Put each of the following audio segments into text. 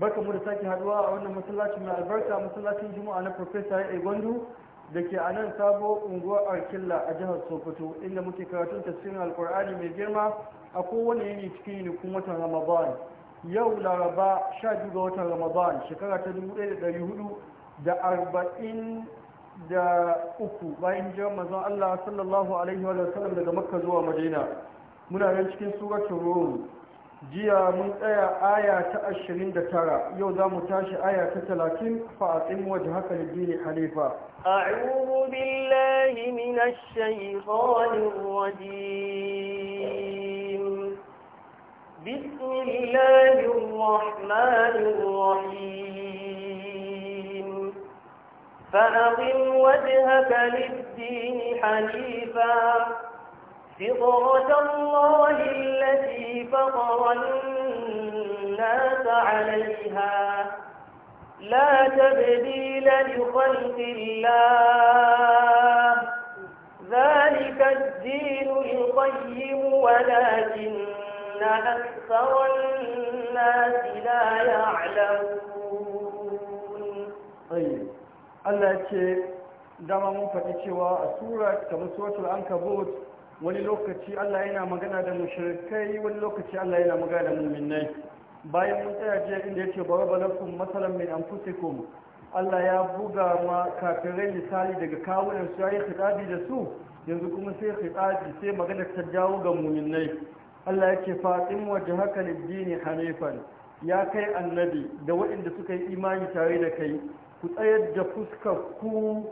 barka mu da sake haduwa a wannan masallacin mai albarka masallacin juma'a na professor ya gwandu da ke a nan sabo unguwar arkilla a jihar sokoto inda muke karatun tafsirin alkur'ani mai girma a kowane yini cikin yinikun watan ramadan yau laraba biyu ga watan ramadan shekara ta dubu daya da hudu da da arba'in uku bayan jiran manzon Allah sallallahu alaihi wa sallam daga Makka zuwa Madina muna nan cikin suratul Rum jiya mun tsaya aya ta 29 yau za mu tashi aya ta 30 fa waje wajhaka da dini halifa a'udhu billahi minash shaytanir الرجيم بسم الله الرحمن الرحيم فأقم وجهك فطرة الله التي فطر الناس عليها لا تبديل لخلق الله ذلك الدين القيم ولكن أكثر الناس لا يعلمون طيب الله يكي dama mun faɗi cewa a sura kamar suratul ankabut wani lokaci Allah yana magana da mushrikai wani lokaci Allah yana magana da mu'minai bayan mun tsaya jiya inda yake baraba lakum masalan min anfusikum Allah ya buga ma kafirai misali daga kawunan su yayi khitabi da su yanzu kuma sai khitabi sai magana ta jawo ga mu'minai Allah yake fatim wajhaka lid dini hanifan ya kai annabi da waɗanda suka yi imani tare da kai ku tsayar da fuskar ku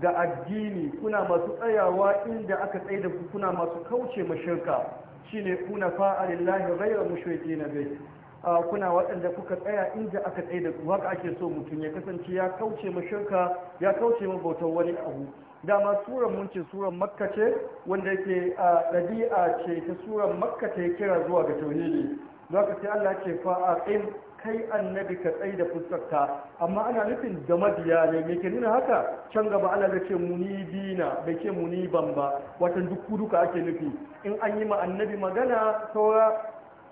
Da addini kuna masu tsayawa inda aka tsaye da ku kuna masu kauce mashirka shine kuna fa'a lillahi ghayra mushrikeena bihi kuna waɗanda kuka tsaya inda aka tsaye da ku haka ake so mutum ya kasance ya kauce ma ya kauce ma bautar wani abu dama suran mun ce suran makka ce wanda yake a ɗabi'a ce ta suran makka ta ya kira zuwa ga tauhidi lokaci Allah ce fa in kai annabi ka tsai da fuskarta, amma ana nufin da mabiya ne me ke nuna haka can gaba Allah ya ce munibina bai ce muniban ba watan duk duka ake nufi in an yi ma annabi magana saura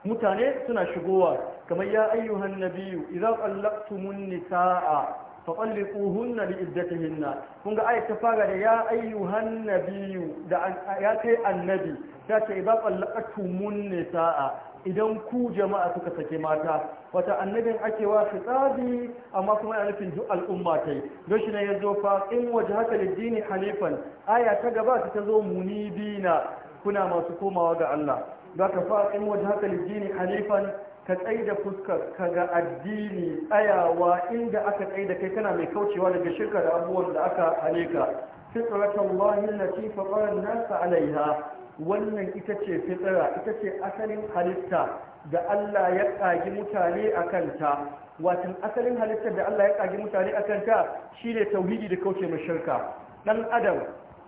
mutane suna shigowa kamar ya ayyuhan nabiyyu idza qallaqtumun nisaa faɓallikuhunna li iddatihinna kun ga ayat ta fara da ya ayyuhan nabiyyu da ya kai annabi ta ce idan tsallakatumun nisa'a idan ku jama'a suka sake mata wata annabin ake wa fitsabi amma kuma yana nufin duk al'umma ta yi don shi ne ya zo fa in waje haka liddini hanifan aya ta gaba ta zo munibina kuna masu komawa ga Allah Ba ka fa in waje haka liddini hanifan ka tsai da fuskar ka ga addini tsayawa inda aka tsai da kai kana mai kaucewa daga shirka da abubuwan da aka hane ka fitratallahi allati fatara an-nasa alaiha wannan ita ce fitsira ita ce asalin halitta da Allah ya ƙagi mutane a kanta watan asalin halittar da Allah ya ƙagi mutane a kanta shine tauhidi da kauce mai shirka dan adam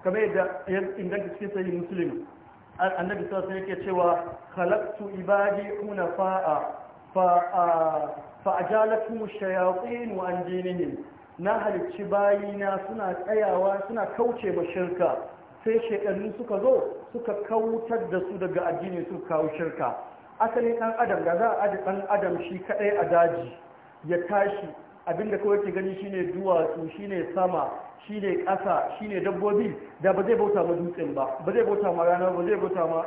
kamar yadda ya inganta cikin sahih muslim annabi sallallahu alaihi yake cewa khalaqtu ibadi fa'a. fa fa ajalatuhum shayatin wa an na halicci bayina suna tsayawa suna kauce ma shirka sai shekaru suka zo suka kautar da su daga addini su kawo shirka asalin ɗan adam da za a aji ɗan adam shi kaɗai a daji ya tashi abinda kawai ke gani shine duwatsu shine sama shine ƙasa shine dabbobi da ba zai bauta ma dutsen ba ba zai bauta ma rana ba zai bauta ma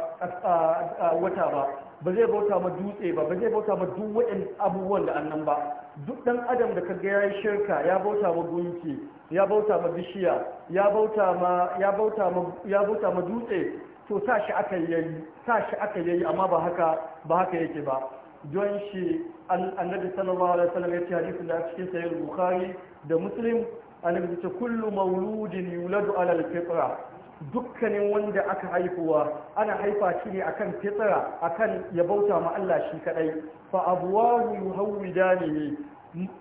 wata ba ba zai bauta ma dutse ba ba zai bauta ma duk waɗannan abubuwan da annan ba duk ɗan adam da ka ga shirka ya bauta ma gunki ya bauta ma bishiya ya bauta ma dutse to sa shi aka yayi amma ba haka ba haka yake ba don shi annabi sallallahu alaihi wasallam ce hadisi da cikin sahih bukhari da muslim annabi ce kullu mauludin yuladu ala al-fitra dukkanin wanda aka haifuwa ana haifa shi ne akan fitra akan ya bauta ma Allah shi kadai fa abwahu yuhawidani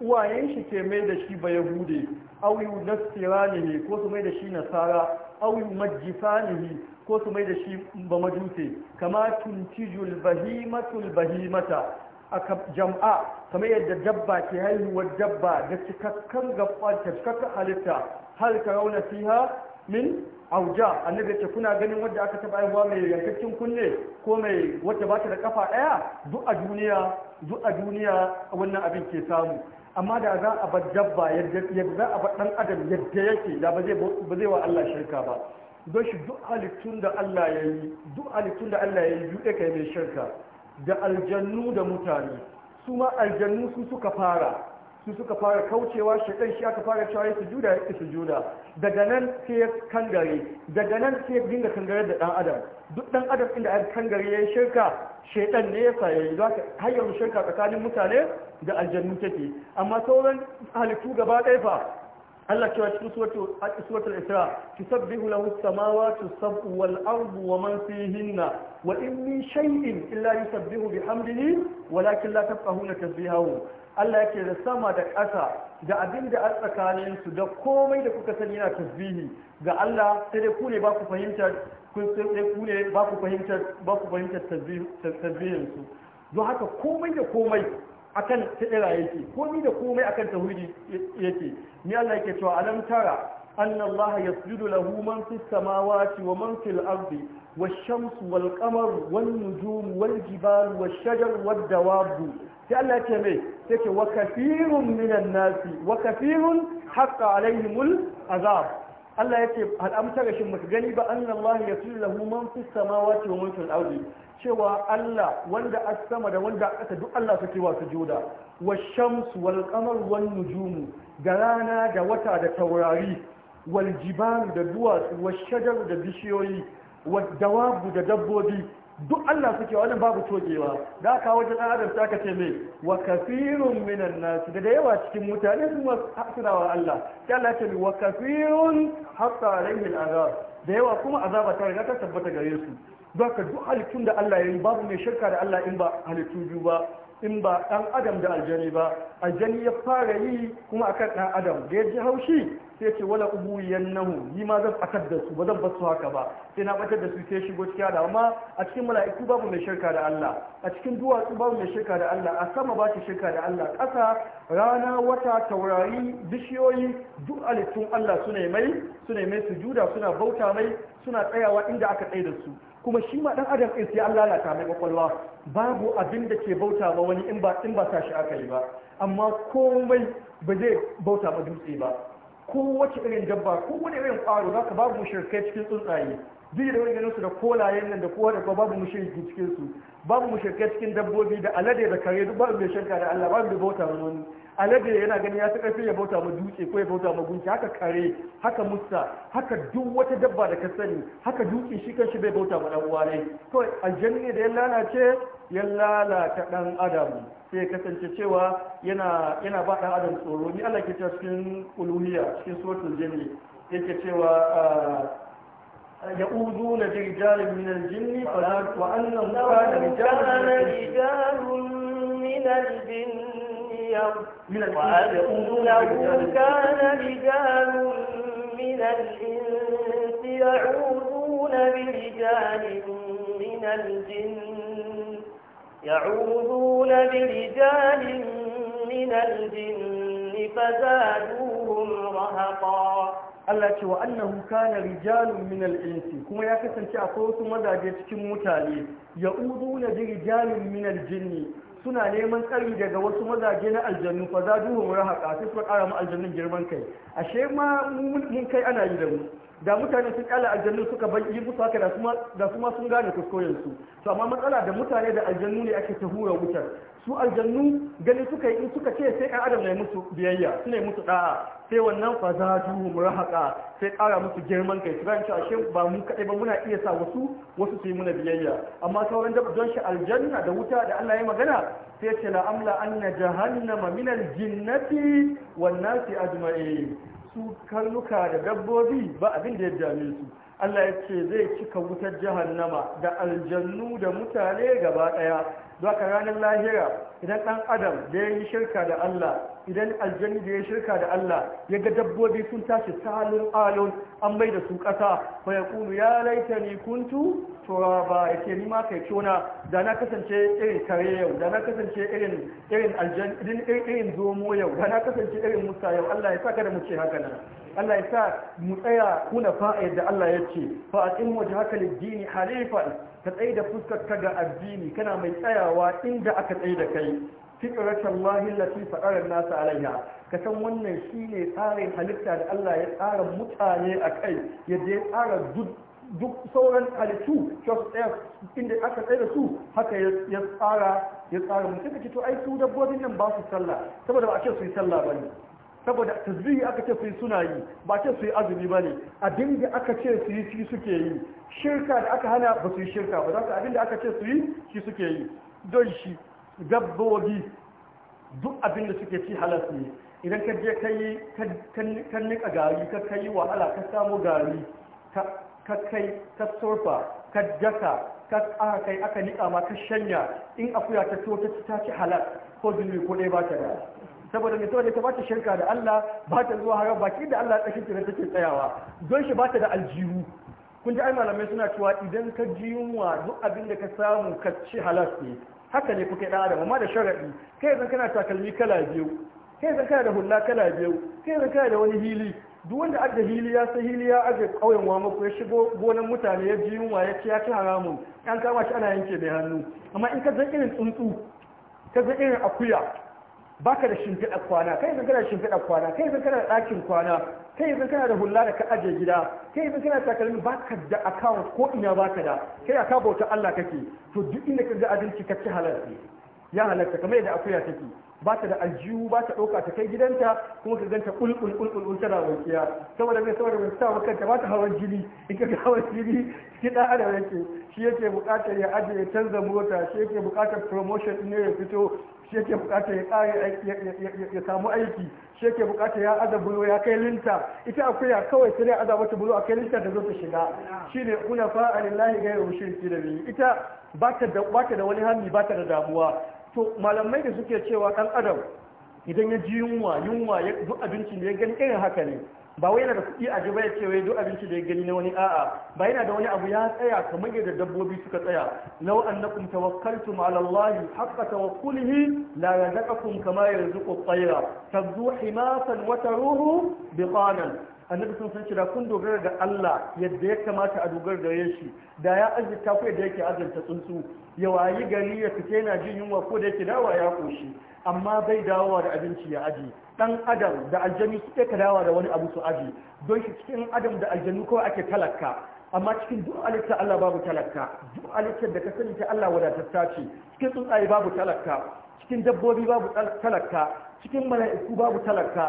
uwayen shi ke mai da shi ba yahude awi ne ko su mai da shi nasara awi ne ko su mai da shi ba majuse kama tuntijul bahimatul bahimata a jam'a kama yadda dabba ke haihuwar dabba da cikakkan gabbar cikakkan halitta Har ka rauna fiha min auja annabi ce kuna ganin wanda aka taba haihuwa mai yankakken kunne ko mai wacce ba da kafa ɗaya duk a duniya duk a duniya wannan abin ke samu amma da za a bar dabba yadda za a bar ɗan adam yadda yake da ba zai wa Allah shirka ba don shi duk halittun da Allah ya yi duk halittun da Allah ya yi duk mai shirka da aljannu da mutane su ma aljannu su suka fara su suka fara kaucewa shaitan shi aka fara cewa su sujuda ya juda. daga nan sai ya kangare daga nan sai ya dinga kangare da dan adam duk dan adam inda aka kangare ya shirka shaitan ne ya saye za ka har shirka tsakanin mutane da aljannu take amma sauran halittu gaba ɗaya fa Allah cewa cikin suratul Isra tusabbihu lahu samawati sabu wal ardu wa man fihinna wa in min shay'in illa yusabbihu bihamdihi walakin la tafqahuna tasbihahu Allah yake da sama da ƙasa da abin da a tsakaninsu da komai da kuka sani yana tasbihi ga Allah sai dai ku ne ba ku fahimtar kun sai ku ne ba ku fahimtar ba ku fahimtar tasbihin su don haka komai da komai akan tsira yake komai da komai akan tauhidi yake ni Allah yake cewa alam tara anna Allah yasjudu lahu man fis samawati wa man fil ardi والشمس والقمر والنجوم والجبال والشجر والدواب sai Allah ya ce mai take wa kafirun minan nasi wa kafirun haqqa alaihim azab Allah ya ce al'amta ga shin mutu gani ba anna Allah ya tilla hu man fi samawati wa man fil ardi cewa Allah wanda as sama da wanda kasa duk Allah take wa sujuda wa shams wal qamar wan nujum garana da wata da taurari wal da duwa wa shajar da bishiyoyi dawabu da dabbobi duk Allah suke wannan babu togewa da aka wajen ɗan adam ta kace mai wa kafirun minan nasu da da yawa cikin mutane sun hasira wa Allah ta Allah ce wa kafirun hatta alaihil azab da yawa kuma azaba ta riga ta tabbata gare su don ka duk halittun da Allah ya yi babu mai shirka da Allah in ba halittu biyu ba in ba ɗan adam da aljani ba aljani ya fara yi kuma a kan ɗan adam da ya ji haushi sai ce wala ubuyan nahu ni ma zan fatar da su ba zan basu haka ba sai na batar da su sai shigo cikin adam amma a cikin mala'iku babu mai shirka da Allah a cikin duwatsu babu mai shirka da Allah a sama ba shi shirka da Allah ƙasa rana wata taurari bishiyoyi duk alittun Allah suna mai suna mai sujuda suna bauta mai suna tsayawa inda aka tsaye da su kuma shi ma ɗan adam in sai an lalata mai kwakwalwa babu abin da ke bauta ma wani in ba in ba aka yi ba amma komai ba zai bauta ma dutse ba Ko kowace irin dabba ko wani irin ƙwaro zaka babu shirkai cikin tsuntsaye duk da wani ganin su da kolayen nan da kowa da kowa babu mushriki cikin su babu mushrike cikin dabbobi da alade da kare duk babu mai shirka da Allah babu da bauta ma wani alade yana gani ya fi karfi bauta ma dutse ko ya bauta ma gunki haka kare haka musta haka duk wata dabba da ka sani haka dutse shi kanshi bai bauta ma dan uwa ne to aljanni da ya lalace ya lalata dan adam sai kasance cewa yana yana ba dan adam tsoro ni Allah ke cewa cikin uluhiyya cikin suratul jinni yake cewa ah, يؤذون برجال من الجن وأن كان رجال من الجن وأنه كان رجال من الإنس يعوذون برجال من الجن يعوذون برجال من الجن فزادوهم رهقا Allah ce wa annahu kana rijalun min al-insi kuma ya kasance akwai wasu mazaje cikin mutane ya'uduna bi rijalin min al-jinni suna neman tsari daga wasu mazaje na aljannu fa zaduhum rahaqa sai suka kara mu aljannun girman kai ashe ma mun kai ana yi da mu da mutane sun kyale aljannu suka yi musu haka da su sun gane kuskurensu to amma matsala da mutane da aljannu ne ake ta hura wutar su aljannu gani suka yi suka ce sai kan adam ne musu biyayya su ne musu ɗa'a sai wannan fa za su murahaka sai kara musu girman kai su ranci ashe ba mu kaɗai ba muna iya sa wasu wasu su yi muna biyayya amma sauran dabba don shi aljanna da wuta da Allah ya magana sai ce la amla anna jahannama min aljinnati wan nasi ajma'in su karnuka da dabbobi ba abin da ya dame su Allah ya ce zai cika wutar jahannama da aljannu da mutane gaba ɗaya don ranar lahira idan ɗan adam da ya yi shirka da Allah idan aljanni da ya shirka da Allah ya ga dabbobi sun tashi salin alon an bai da su ƙasa fa ya kulu ya laita ni kuntu turaba ya ke ni ma kai kyona da na kasance irin kare yau da na kasance irin irin aljanni irin zomo yau da na kasance irin musa yau Allah ya saka da mu ce haka nan Allah ya sa mu tsaya kuna fa'a yadda Allah ya ce fa in wajhaka lid-dini halifan ka tsaye da fuskar ka ga addini kana mai tsayawa inda aka tsaye da kai fitratan lahi lati fadarar ka san wannan shine tsarin halitta da Allah ya tsara mutane a kai yadda ya tsara duk sauran halittu inda aka tsaye da su haka ya tsara ya tsara mutum ka to ai su dabbobin nan ba su sallah saboda ba a ce su yi sallah ne saboda tasbihi aka ce su suna yi ba ce su azumi ba ne abin da aka ce su yi shi suke yi shirka da aka hana ba su yi shirka ba za ka abin da aka ce su yi shi suke yi don shi dabbobi duk abin da suke ci su ne idan ka je ka nika gari ka kai wahala ka samu gari ka kai ka sorfa ka jaka ka aka kai aka nika ma ka shanya in akuya ta to ta ci halar. ko zunubi ko ɗaya ba ta da saboda mai saboda ta shirka da Allah ba ta zuwa haram baki da Allah tsashin tunan take tsayawa don shi ba ta da aljihu kun ji ai malamai suna cewa idan ka ji yunwa duk abin da ka samu ka ci halas ne haka ne kuka yi ɗan adam amma da sharaɗi kai zan kana takalmi kala biyu kai zan kana da hula kala biyu kai zan kana da wani hili duk wanda adda hili ya sai hili ya aje ƙauyen wa mako ya shigo gonan mutane ya ji yunwa ya ci ya ci haramun an kama shi ana yanke mai hannu amma in ka zan irin tsuntsu ka zan irin akuya baka da shimfiɗa kwana kai zan kana shimfiɗa kwana kai zan kana ɗakin kwana kai zan kana da hula da ka ajiye gida kai zan kana takalmi baka da account ko ina baka da kai aka bauta Allah kake to duk inda ka ga abinci ka ci halal ya halarta kamar yadda akuya take baka da aljihu baka ɗauka ta kai gidanta kuma ka ganta ulkul ulkul ulkul tana wankiya saboda mai saboda mai sa kanta ba ta hawan jini in ka hawan jini shi da ana yake shi yake buƙatar ya ajiye canza mota shi yake bukatar promotion ne ya fito shi yake bukata ya kare ya samu aiki shi yake bukata ya aza bulo ya kai linta ita akuya kawai sai aza mata bulo a kai linta da zo ta shiga shine kuna fa'a lillahi ghayru shirki da bi ita ba ta da ba da wani hami ba ta da damuwa to malamai da suke cewa dan adam idan ya ji yunwa yunwa ya duk abincin da ya gani irin haka ne ba wai yana da kuɗi a ji ya ce wai duk abinci da ya gani na wani a'a ba yana da wani abu ya tsaya kamar yadda dabbobi suka tsaya law annakum tawakkaltum ala Allah haqqa tawakkulihi la yazaqakum kama yarzuqu at-tayra tabdu himasan wa taruhu biqanan annabi sun san cewa kun dogara ga Allah yadda ya kamata a dogara da shi da ya azurta ku yadda yake azurta tsuntsu ya wayi gari ya fice yana jin yunwa ko da yake dawa ya koshi amma bai dawowa da abinci ya aji dan adam da aljanu suke ka dawowa da wani abu su aji don shi cikin adam da aljanu kawai ake talaka amma cikin duk alitta Allah babu talaka duk alitta da ka sani ta Allah wadatatta ce cikin tsuntsaye babu talaka cikin dabbobi babu talaka cikin mala'iku babu talaka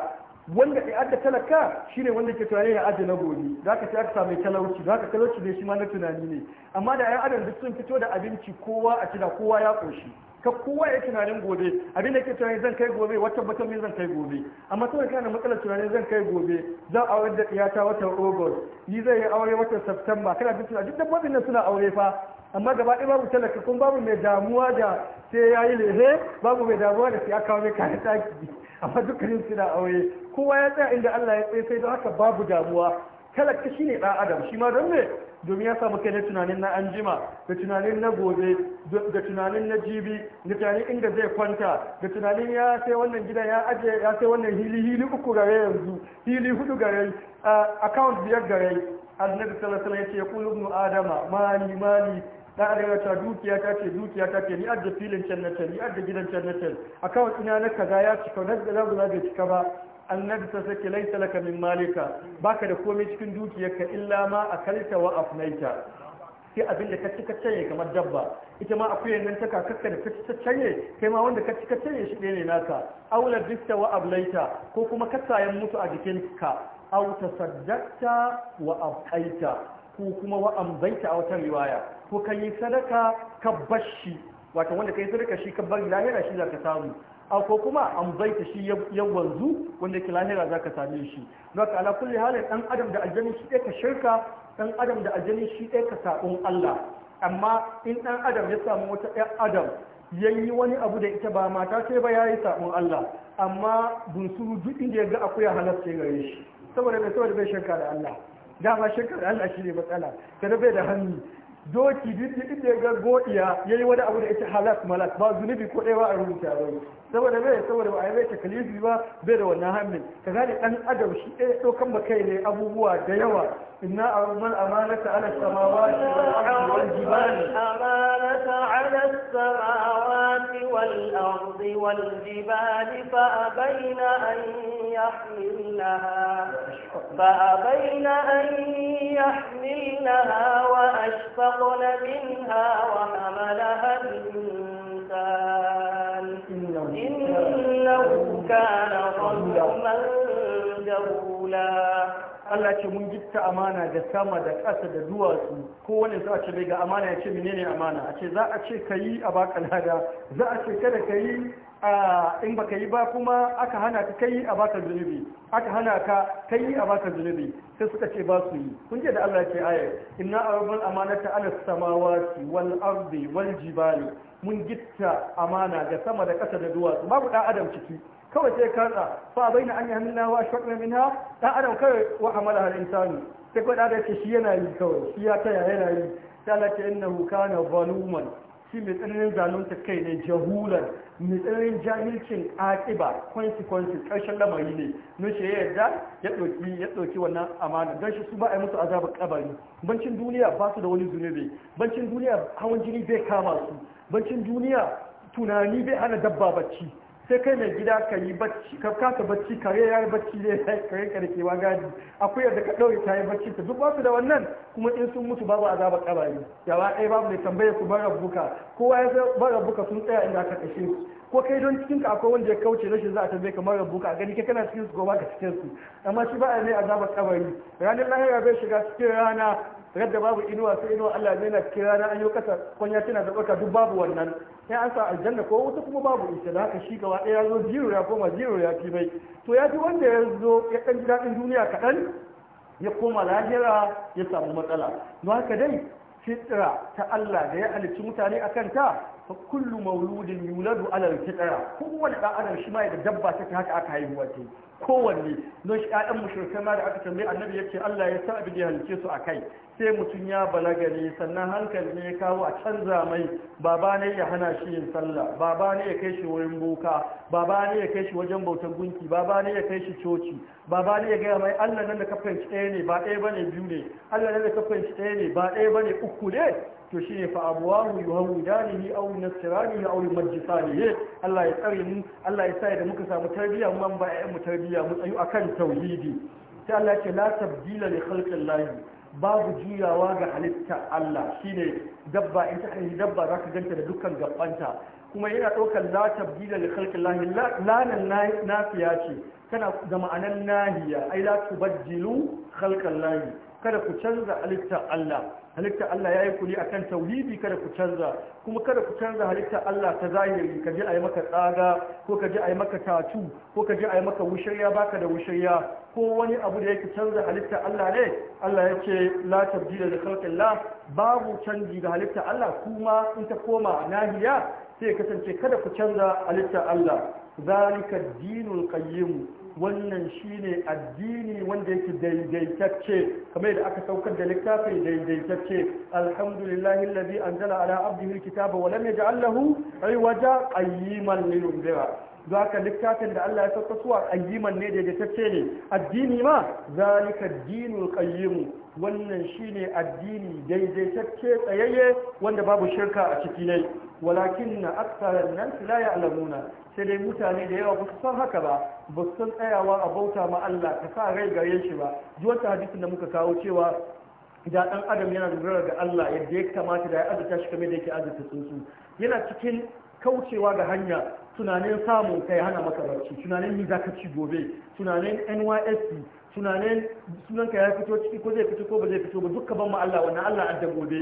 wanda ya adda talaka shine wanda ke tunani ya ajiye na gobe za ka aka samu talauci za ka talauci ne shi ma na tunani ne amma da 'yan adam duk sun fito da abinci kowa a cida kowa ya koshi ka kowa ya tunanin gobe abin da ke tunanin zan kai gobe wata bata min zan kai gobe amma saboda kana matsalar tunanin zan kai gobe zan aure da iyata watan august ni zai yi aure watan september kana duk tunanin duk dabbobin nan suna aure fa amma gaba ɗaya babu talaka kun babu mai damuwa da sai ya yi lehe babu mai damuwa da sai ya kawo mai kayan taki amma dukkanin suna aure kowa ya tsaya inda Allah ya tsaye sai don haka babu damuwa talaka shi ne ɗan adam shi ma don me domin ya samu kai na tunanin na anjima da tunanin na gobe da tunanin na jibi da tunanin inda zai kwanta da tunanin ya sai wannan gidan ya aje ya sai wannan hili hili uku gare yanzu hili hudu gare account biyar gare annabi sallallahu alaihi wasallam ya ce qulu adama mali mali da arewa ta dukiya ta ce dukiya ta ce ni adda filin can na can ni adda gidan can na can account ina na kaza ya cika na kaza ba zai cika ba annabi ta sake laisa laka min malika baka da komai cikin dukiyarka illa ma akalta wa afnaita sai abin da ka ci ka canye kamar dabba ita ma akwai nan ta kakakka da ka ci ka canye kai ma wanda ka ci ka canye shi ne naka aula bista wa ablaita ko kuma ka sayan mutu a jikinka aw tasaddaqta wa abqaita ko kuma wa ambaita a wata riwaya ko kai sadaka ka bashi wato wanda kai sadaka shi ka bar lahira shi za samu ko kuma an baita shi yan wanzu wanda ke lahira za ka same shi don ka ala kulli halin ɗan adam da aljani shi ɗaya ka shirka dan adam da aljani shi ɗaya ka saɓon Allah amma in ɗan adam ya samu wata ɗan adam ya yi wani abu da ita ba mata ce ba ya yi saɓon Allah amma bunsuru duk inda ya ga akwai halarta ya gare shi saboda bai saboda bai shirka da Allah dama shirka da Allah shi ne matsala kada bai da hannu doki duk da ya ga godiya ya yi wani abu da ita halak malak ba zunubi ko daya ba a rubuta ba saboda bai saboda ba a yi takalifi ba bai da wannan hamlin ka ne ɗan adam shi ɗaya ɗaukan ba kai ne abubuwa da yawa إنا عرضنا الأمانة على السماوات والجبال الأمانة على السماوات والأرض والجبال فأبين أن يحملنها فأبين أن يحملنها وأشفقن منها وحملها الإنسان إنه كان ظلما daula Allah ce mun gitta amana da sama da ƙasa da duwatsu ko wani za a ce ga amana ya ce menene amana a ce za a ce ka yi a baka lada za a ce kada ka a in baka yi ba kuma aka hana ka kai a baka zunubi aka hana ka kai a baka zunubi sai suka ce ba su yi kun je da Allah ce ayar inna arbal amanata ala samawati wal ardi wal jibali mun gitta amana da sama da kasa da duwatsu babu da adam ciki kawai sai karsa fa bai baina an yahmilna wa ashfaqna minha da adam kawai wa amala al insani sai kawai da ce shi yana yi kawai shi ya taya yana yi sai Allah ta innahu kana zaluman shi mai tsananin zalunta kai ne jahulan mai tsananin jahilcin kwansi-kwansi ƙarshen lamari ne nushe ya yarda ya ɗauki ya ɗauki wannan amana don shi su ba a yi musu azabar kabari bancin duniya ba su da wani zunubi bancin duniya hawan jini bai kama su bancin duniya tunani bai hana dabba bacci sai kai mai gida ka yi bacci ka kasa bacci kare ya yi bacci ne kare ka da ke gadi akwai yadda ka ɗauri ta yi bacci ta duk wasu da wannan kuma in sun mutu babu azaba kabari gaba ɗaya babu mai tambaye ku bar buka kowa ya san bar buka sun tsaya inda aka kashe su ko kai don cikin ka akwai wanda ya kauce rashin za a tambaye kamar rabbuka a gani kai kana cikin su gobe ka cikin su amma shi ba a mai azaba kabari ranar lahira bai shiga cikin rana radda babu inuwa sai inuwa Allah ne na cikin rana an yi kasa kwanya tana da duk babu wannan sai an sa aljanna ko wata kuma babu ita da haka shi gaba ɗaya ya zo zero ya koma zero ya fi mai to ya fi wanda ya zo ya ɗan ji daɗin duniya kaɗan ya koma lahira ya samu matsala don haka dai fitra ta Allah da ya halicci mutane a kanta fa kullu mauludin yuladu ala fitra kowane ɗan adam shi ma ya da dabba take haka aka haihuwa ce kowanne don shi ƴaƴan mushrikai ma da aka tambaye annabi yake Allah ya sa abin da ya halice su akai sai mutum ya balaga ne sannan hankali ne ya kawo a canza mai baba ne ya hana shi yin sallah baba ne ya kai shi wurin boka baba ne ya kai shi wajen bautan gunki baba ne ya kai shi coci baba ne ya gaya mai Allah nan da ka fahimci ɗaya ne ba ɗaya bane biyu ne Allah nan da ka fahimci ɗaya ne ba ɗaya bane uku ne to shine fa abwahu yuhawidanihi aw nasrani aw yumajjisanihi Allah ya tsare mu Allah ya sa da muka samu tarbiyya mu an ba mu tarbiyya mu tsayu akan tauhidi sai Allah ce la tabdila li khalqillahi babu juyawa ga halitta Allah shine dabba in ta kai dabba zaka ganta da dukkan gabbanta kuma yana daukar la tabdila li khalqillahi la nan nafiya ce tana da ma'anar nahiya ai la tubaddilu khalqan lahi kada ku canza halittar Allah halittar Allah yayi kuli akan tauhidi kada ku canza kuma kada ku canza halittar Allah ta zahiri ka ji ai maka tsaga ko ka ji ai maka tatu ko ka ji ai maka wushirya baka da wushirya ko wani abu da yake canza halittar Allah ne Allah yake la tabdila li la babu canji ga halittar Allah kuma in ta koma nahiya sai kasance kada ku canza halittar Allah zalika dinul qayyim wannan shine addini wanda yake daidaitacce kamar da aka saukar da littafin daidaitacce alhamdulillahi allazi anzala ala abdihi alkitaba wa lam yaj'al lahu aywaja qayyiman liyunzira zaka littafin da Allah ya sauka suwa qayyiman ne daidaitacce ne addini ma zalika dinul qayyim wannan shine addini daidaitacce tsayayye wanda babu shirka a ciki ne walakin na aksarar nan la ya'lamuna sai dai mutane da yawa ba su san haka ba ba su san tsayawa a bauta ma Allah ka sa rai gare shi ba ji wata hadisin da muka kawo cewa da ɗan adam yana dogara ga Allah yadda ya kamata da ya azuta shi kamar da yake azuta tsuntsu yana cikin kaucewa ga hanya tunanin samun kai hana maka barci tunanin ni gobe tunanin NYSC tunanin sunanka ya fito ciki ko zai fito ko ba zai fito ba dukka ban ma Allah wannan Allah an dabbobi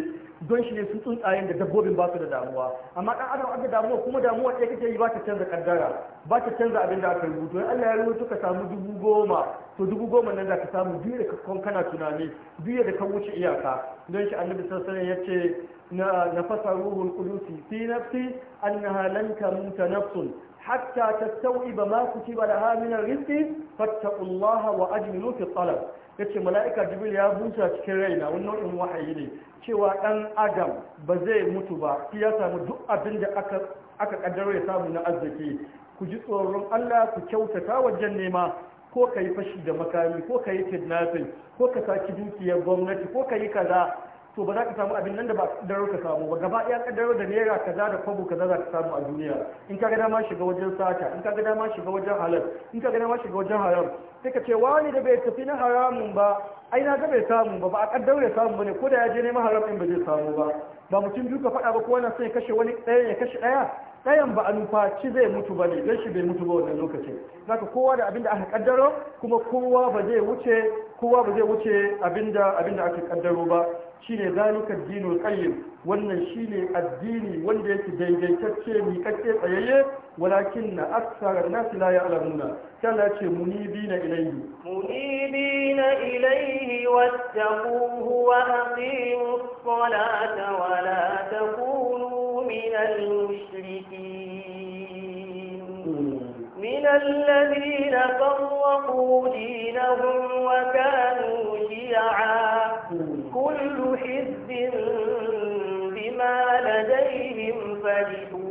don shi ne su tsuntsayen da dabbobin ba su da damuwa amma dan adam an da damuwa kuma damuwa ɗaya kake yi ba ta canza kaddara ba ta canza abin da aka rubuto in Allah ya rubuto ka samu dubu goma to dubu goma nan za ka samu biyu da ka kana tunani biyu da ka wuce iyaka don shi annabi sallallahu alaihi wasallam ya ce na nafasa ruhul qudusi fi nafsi annaha lan tamuta nafsun hatta ba ma kutiba laha min rizqi fattaqullaha wa ajmilu fi talab yace mala'ika jibril ya busa cikin raina wani nau'in wahayi ne cewa dan adam ba zai mutu ba shi ya samu duk abin da aka aka kaddaro ya samu na arziki ku ji tsoron Allah ku kyautata wajen nema ko ka yi fashi da makami ko ka yi kidnapping ko ka saki dukiyar gwamnati ko ka yi kaza to ba za ka samu abin nan da ba kaddaro ka samu ba gaba ɗaya kaddaro da naira kaza da kwabo kaza za ka samu a duniya in ka ga dama shiga wajen sata in ka ga dama shiga wajen halal in ka ga dama shiga wajen haram sai ka ce wani da bai tafi na haramun ba ai na ga bai samu ba ba a ƙaddar ya samu bane ko da ya je neman haram din ba zai samu ba ba mutum biyu ka faɗa ba ko wannan sai ya kashe wani ɗaya ya kashe ɗaya ɗayan ba a nufaci zai mutu ba ne don shi bai mutu ba wannan lokacin zaka kowa da abin da aka kaddaro kuma kowa ba zai wuce kowa ba zai wuce abin da aka kaddaro ba shine zalika dinul qayyim wannan shine addini wanda yake daidaitacce mi kake tsayayye walakin na aksara nasi la ya'lamuna kana ce munibina ilayhi munibina ilayhi wattaquhu wa aqimus salata wa la takunu minal mushrikin من الذين فرقوا دينهم وكانوا شيعا كل حزب بما لديهم فرحون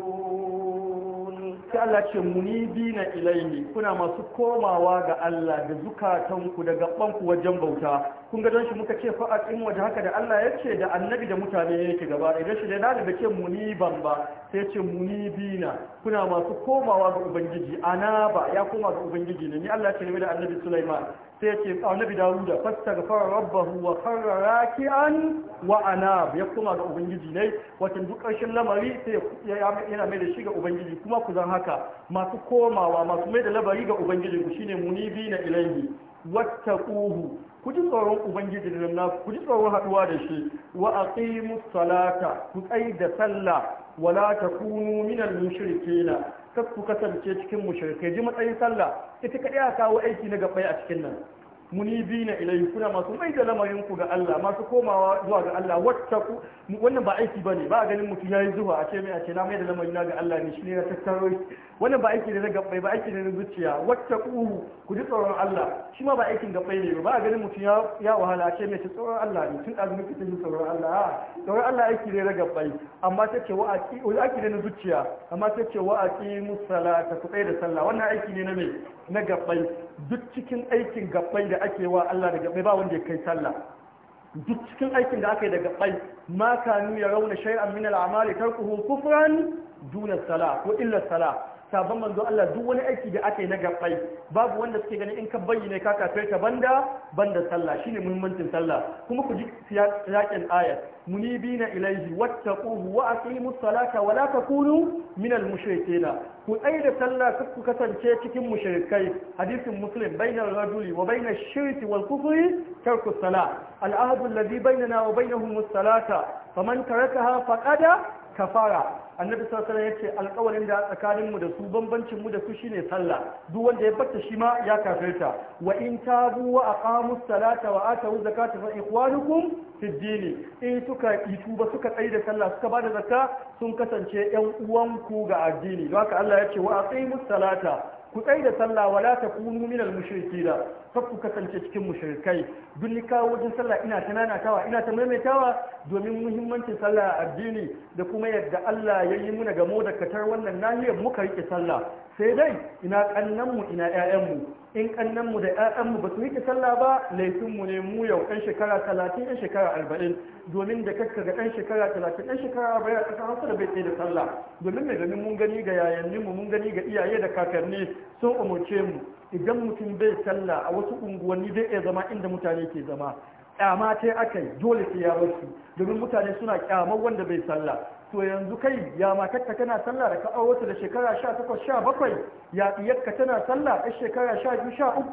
Allah ce munibina ilaini kuna masu komawa ga Allah da zukatanku da gabanku wajen bauta kun ga don shi muka ce fa'a in waje haka da Allah ya ce da annabi da mutane ke gaba idan shi da da muni ban ba sai ce munibina kuna masu komawa ga ubangiji ba ya koma ga ubangiji ne ni Allah ce ne da annabi Sulaiman sai ce annabi Dawuda fastaghfara rabbahu wa kharra raki'an wa anab ya kuma ga ubangiji ne wato duk ƙarshen lamari sai yana mai da shi ga ubangiji kuma ku zan haka masu komawa masu mai da labari ga ubangiji ku shine munibi na ilaihi wattaquhu ku ji tsoron ubangiji da nan ku ji tsoron haduwa da shi wa aqimus salata ku tsai da sallah wala takunu minal mushrikeena ku kasance cikin mushrikai ji matsayin sallah ita kadai aka kawo aiki na gabai a cikin nan munibina ilayhi kuna masu mai da lamarin ku ga Allah masu komawa zuwa ga Allah wattaku wannan ba aiki bane ba ganin mutum yayi zuwa a ce mai a ce na mai da lamarin na ga Allah ne shine ya tattaro wannan ba aiki ne na gabbai ba aiki ne na zuciya wattaku ku ji tsoron Allah shi ma ba aikin gabbai ne ba ganin mutum ya ya wahala a ce mai ta tsoron Allah ne tun azumi ta ji tsoron Allah tsoron Allah aiki ne na gabbai amma ta ce wa aki aiki ne na zuciya amma ta ce wa musalla ta ku da sallah wannan aiki ne na mai na gabbai duk cikin aikin gabbai da ake wa Allah da gabbai ba wanda ya kai sallah duk cikin aikin da aka yi da gabbai ma kanu ya rauna shay'an min amali tarkuhu kufran duna sala ko illa sala sabon manzo Allah duk wani aiki da aka yi na gabbai babu wanda suke ganin in ka bayyana ka kafirta banda banda sallah shine muhimmancin sallah kuma ku ji yakin ayat munibina ilaihi wattaquhu wa aqimus salata wa la takunu minal mushrikeena ku da sallah ku kasance cikin mushrikai hadisin muslim bainar rajuli wa bainar shirki wal kufri tarku salah al ahdu alladhi bainana wa bainahum as salata faman tarakaha faqada kafara annabi sallallahu alaihi wasallam yace alƙawarin da tsakanin mu da su bambancin mu da su shine sallah duk wanda ya batta shi ma ya kafirta wa in tabu wa aqamu salata wa atu zakata fa ikhwanukum fi din in suka yi ba suka tsaye da sallah suka bada zakka sun kasance ƴan uwanku ga addini don haka Allah yace wa aqimu salata ku tsaye da sallah wala ta kunu minal da, fa ku kasance cikin mushrikai duk ni kawo wajen sallah ina ta nanatawa ina ta maimaitawa domin muhimmancin sallah a addini da kuma yadda Allah ya yi muna gamo da katar wannan nahiyar muka rike sallah sai dai ina mu ina 'ya'yanmu in kannanmu da 'ya'yanmu ba su yi sallah ba mu ne mu yau ɗan shekara talatin ɗan shekara arba'in domin da kakka ga ɗan shekara talatin ɗan shekara arba'in a ƙasa hausa da bai tsaye da sallah domin mai gani mun gani ga yayanninmu mun gani ga iyaye da kakanni sun umarce mu idan mutum bai sallah a wasu unguwanni zai iya zama inda mutane ke zama kyama ce aka yi dole sai ya su domin mutane suna kyamar wanda bai sallah to yanzu kai ya matarka tana sallah da ka aure da shekara 18 17 ya ɗiyarka tana sallah ɗan shekara 12 13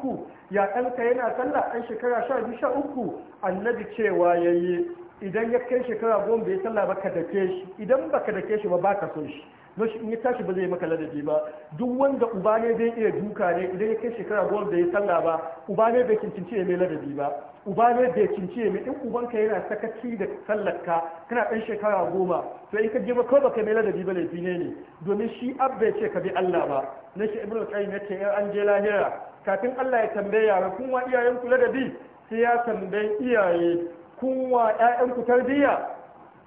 ya ɗanka yana sallah ɗan shekara 12 13 annabi cewa ya yi idan ya kai shekara goma bai sallah ba ka dake shi idan baka dake shi ba ka so shi Mashi in ya tashi ba zai maka ladabi ba duk wanda uba ne zai iya duka ne idan ya kai shekara goma da ya sallah ba uba ne bai cincinci ya mai ladabi ba uba ne bai cincinci ya mai in ubanka yana sakaci da ka kana ɗan shekara goma to in ka je kawai baka mai ladabi ba laifi ne ne domin shi ab bai ce ka bi Allah ba na shi ibnu qayyim ce in an je lahira kafin Allah ya tambaye yaran kun wa iyayen ku ladabi sai ya tambaye iyaye kun wa ƴaƴan ku tarbiyya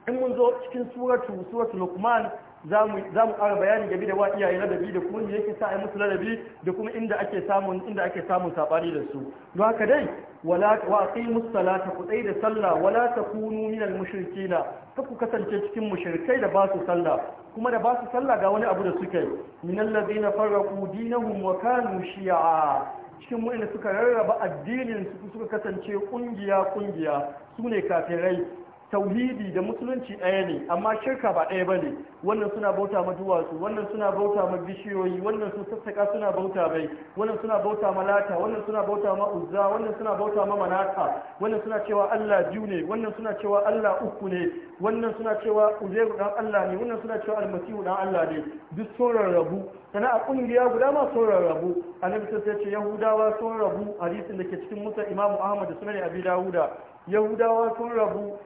in mun zo cikin suratu suratu luqman za mu ƙara bayani game da wa iyaye ladabi da kuma me yake sa a musu ladabi da kuma inda ake samun inda ake samun sabani da su don haka dai wala wa aqimus salata ku da sallah wala takunu minal mushrikina ka ku kasance cikin mushrikai da ba su sallah kuma da ba su sallah ga wani abu da suke minal na farraqu dinahum wa kanu shi'a cikin waɗanda suka rarraba addinin su suka kasance kungiya kungiya su ne kafirai tauhidi da musulunci ɗaya ne amma shirka ba ɗaya ba ne wannan suna bauta ma duwatsu wannan suna bauta ma bishiyoyi wannan sun sassaka suna bauta mai wannan suna bauta ma lata wannan suna bauta ma uzza wannan suna bauta ma manata wannan suna cewa Allah biyu ne wannan suna cewa Allah uku ne wannan suna cewa uzairu dan Allah ne wannan suna cewa almasihu dan Allah ne duk sauran rarrabu Sana'a a kungiya guda ma sauran rarrabu annabi sai ya ce yahudawa sauran rabu hadisin da ke cikin musa imamu ahmad da sunan abi dawuda yahudawa sun rabu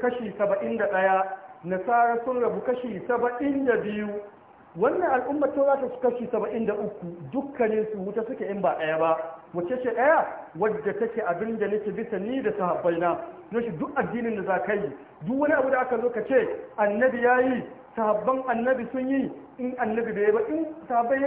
kashi saba'in da ɗaya nasara sun rabu kashi saba'in da biyu wannan al'ummar ta za su kashi saba'in da uku dukkanin su wuta suke in ba ɗaya ba wacce ce ɗaya wadda take abin da nake bisa ni da sahabbaina yau shi duk addinin da za ka yi duk wani abu da aka zo ka ce annabi ya yi sahabban annabi sun yi in annabi bai ba in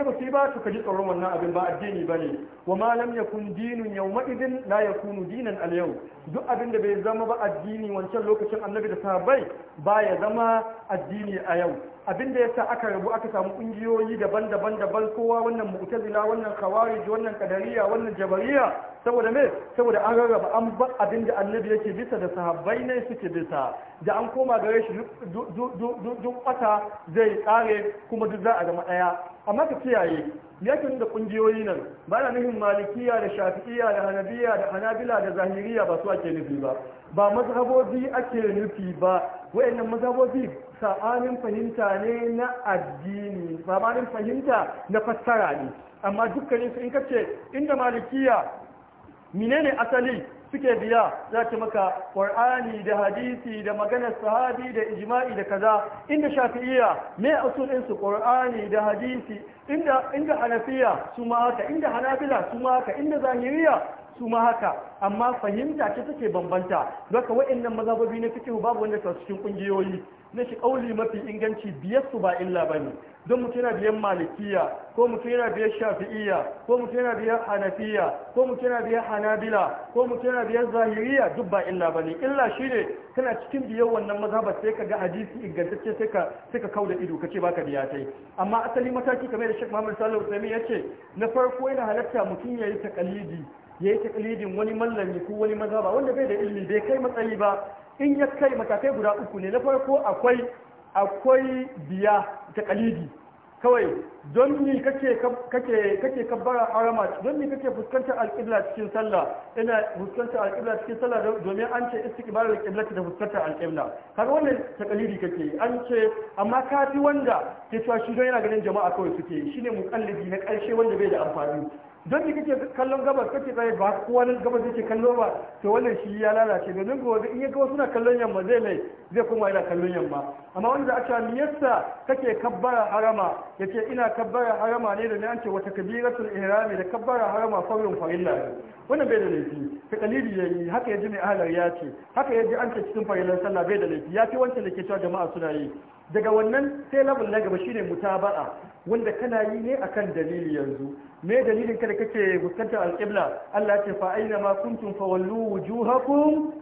ba su ba to ka ji tsoron wannan abin ba addini ba ne wa ma lam yakun dinun yawma idin la yakunu dinan al yau duk abin da bai zama ba addini wancan lokacin annabi da sahabbai ba ya zama addini a yau abin da yasa aka rabu aka samu kungiyoyi daban-daban daban kowa wannan mu'tazila wannan khawarij wannan kadariya wannan jabariya saboda me saboda an rarraba an ba abin da annabi yake bisa da sahabbai ne suke bisa da an koma gare shi duk kwata zai tsare kuma duk za a gama daya amma ka kiyaye me da kungiyoyi nan ba na nufin malikiya da shafi'iya da hanabiya da hanabila da zahiriya ba su ake nufi ba ba mazhabobi ake nufi ba wayannan mazhabobi sabanin fahimta ne na addini sabanin fahimta na fassara ne amma dukkanin su in kace inda malikiya menene asali suke biya za ta maka ƙwar'ani da hadisi da maganar sahabi da ijma'i da kaza inda shafi'iya ne su ƙwar'ani da hadisi inda hanafiya su ma haka inda hanabila su ma haka inda zahiriya su ma haka amma fahimta ce take bambanta ka wa'annan mazhabobi na fiqh babu wanda ta cikin kungiyoyi na shi kauli mafi inganci biyar su ba illa bane don mutum yana biyan malikiya ko mutum yana biyan shafi'iyya ko mutum yana biyan hanafiya ko mutum yana biyan hanabila ko mutum yana biyan zahiriya duk ba illa bane illa shi ne kana cikin biyan wannan mazhabar sai ka ga hadisi ingantacce sai ka sai ka kauda ido kace baka biya tai amma asali mataki kamar da Sheikh Muhammad Sallallahu Alaihi Wasallam ce, na farko yana halatta mutum yayi takalidi ya yi taklidin wani mallami ko wani maza ba wanda bai da ilimi bai kai matsayi ba in ya kai matakai guda uku ne na farko akwai akwai biya taklidi kawai don ni kake kake kake kabbara harama don ni kake fuskantar alƙibla cikin sallah ina fuskantar alƙibla cikin sallah domin an ce istiqbalul qibla da fuskantar alƙibla kaga wannan takalidi kake an ce amma kafi wanda ke tashi don yana ganin jama'a kawai suke shine muqallidi na karshe wanda bai da amfani don da kake kallon gabas kake tsaye ba ko wani gabas yake kallo ba to wannan shi ya lalace domin gobe in ya ga suna kallon yamma zai mai zai kuma yana kallon yamma amma wanda aka mi yasa kake kabbara harama yace ina kabbara harama ne da ne an ce wata kabiratul ihrami da kabbara harama farin farilla wannan bai da laifi ta kalili yayi haka yaji mai ahlar ya ce haka yaji an ce cikin farillan sallah bai da laifi ya ce wancan da ke cewa jama'a suna yi daga wannan sai labin na gaba shine mutaba'a wanda kana yi ne akan dalili yanzu me dalilin ka da kake fuskantar alƙibla Allah ya ce fa aina ma kuntum fa wallu wujuhakum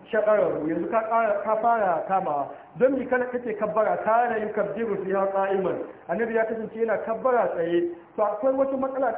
yanzu ka ka fara kama don mi kana kace kabbara kana yukabbiru fiha qa'iman annabi ya kasance yana kabbara tsaye to akwai wata matsala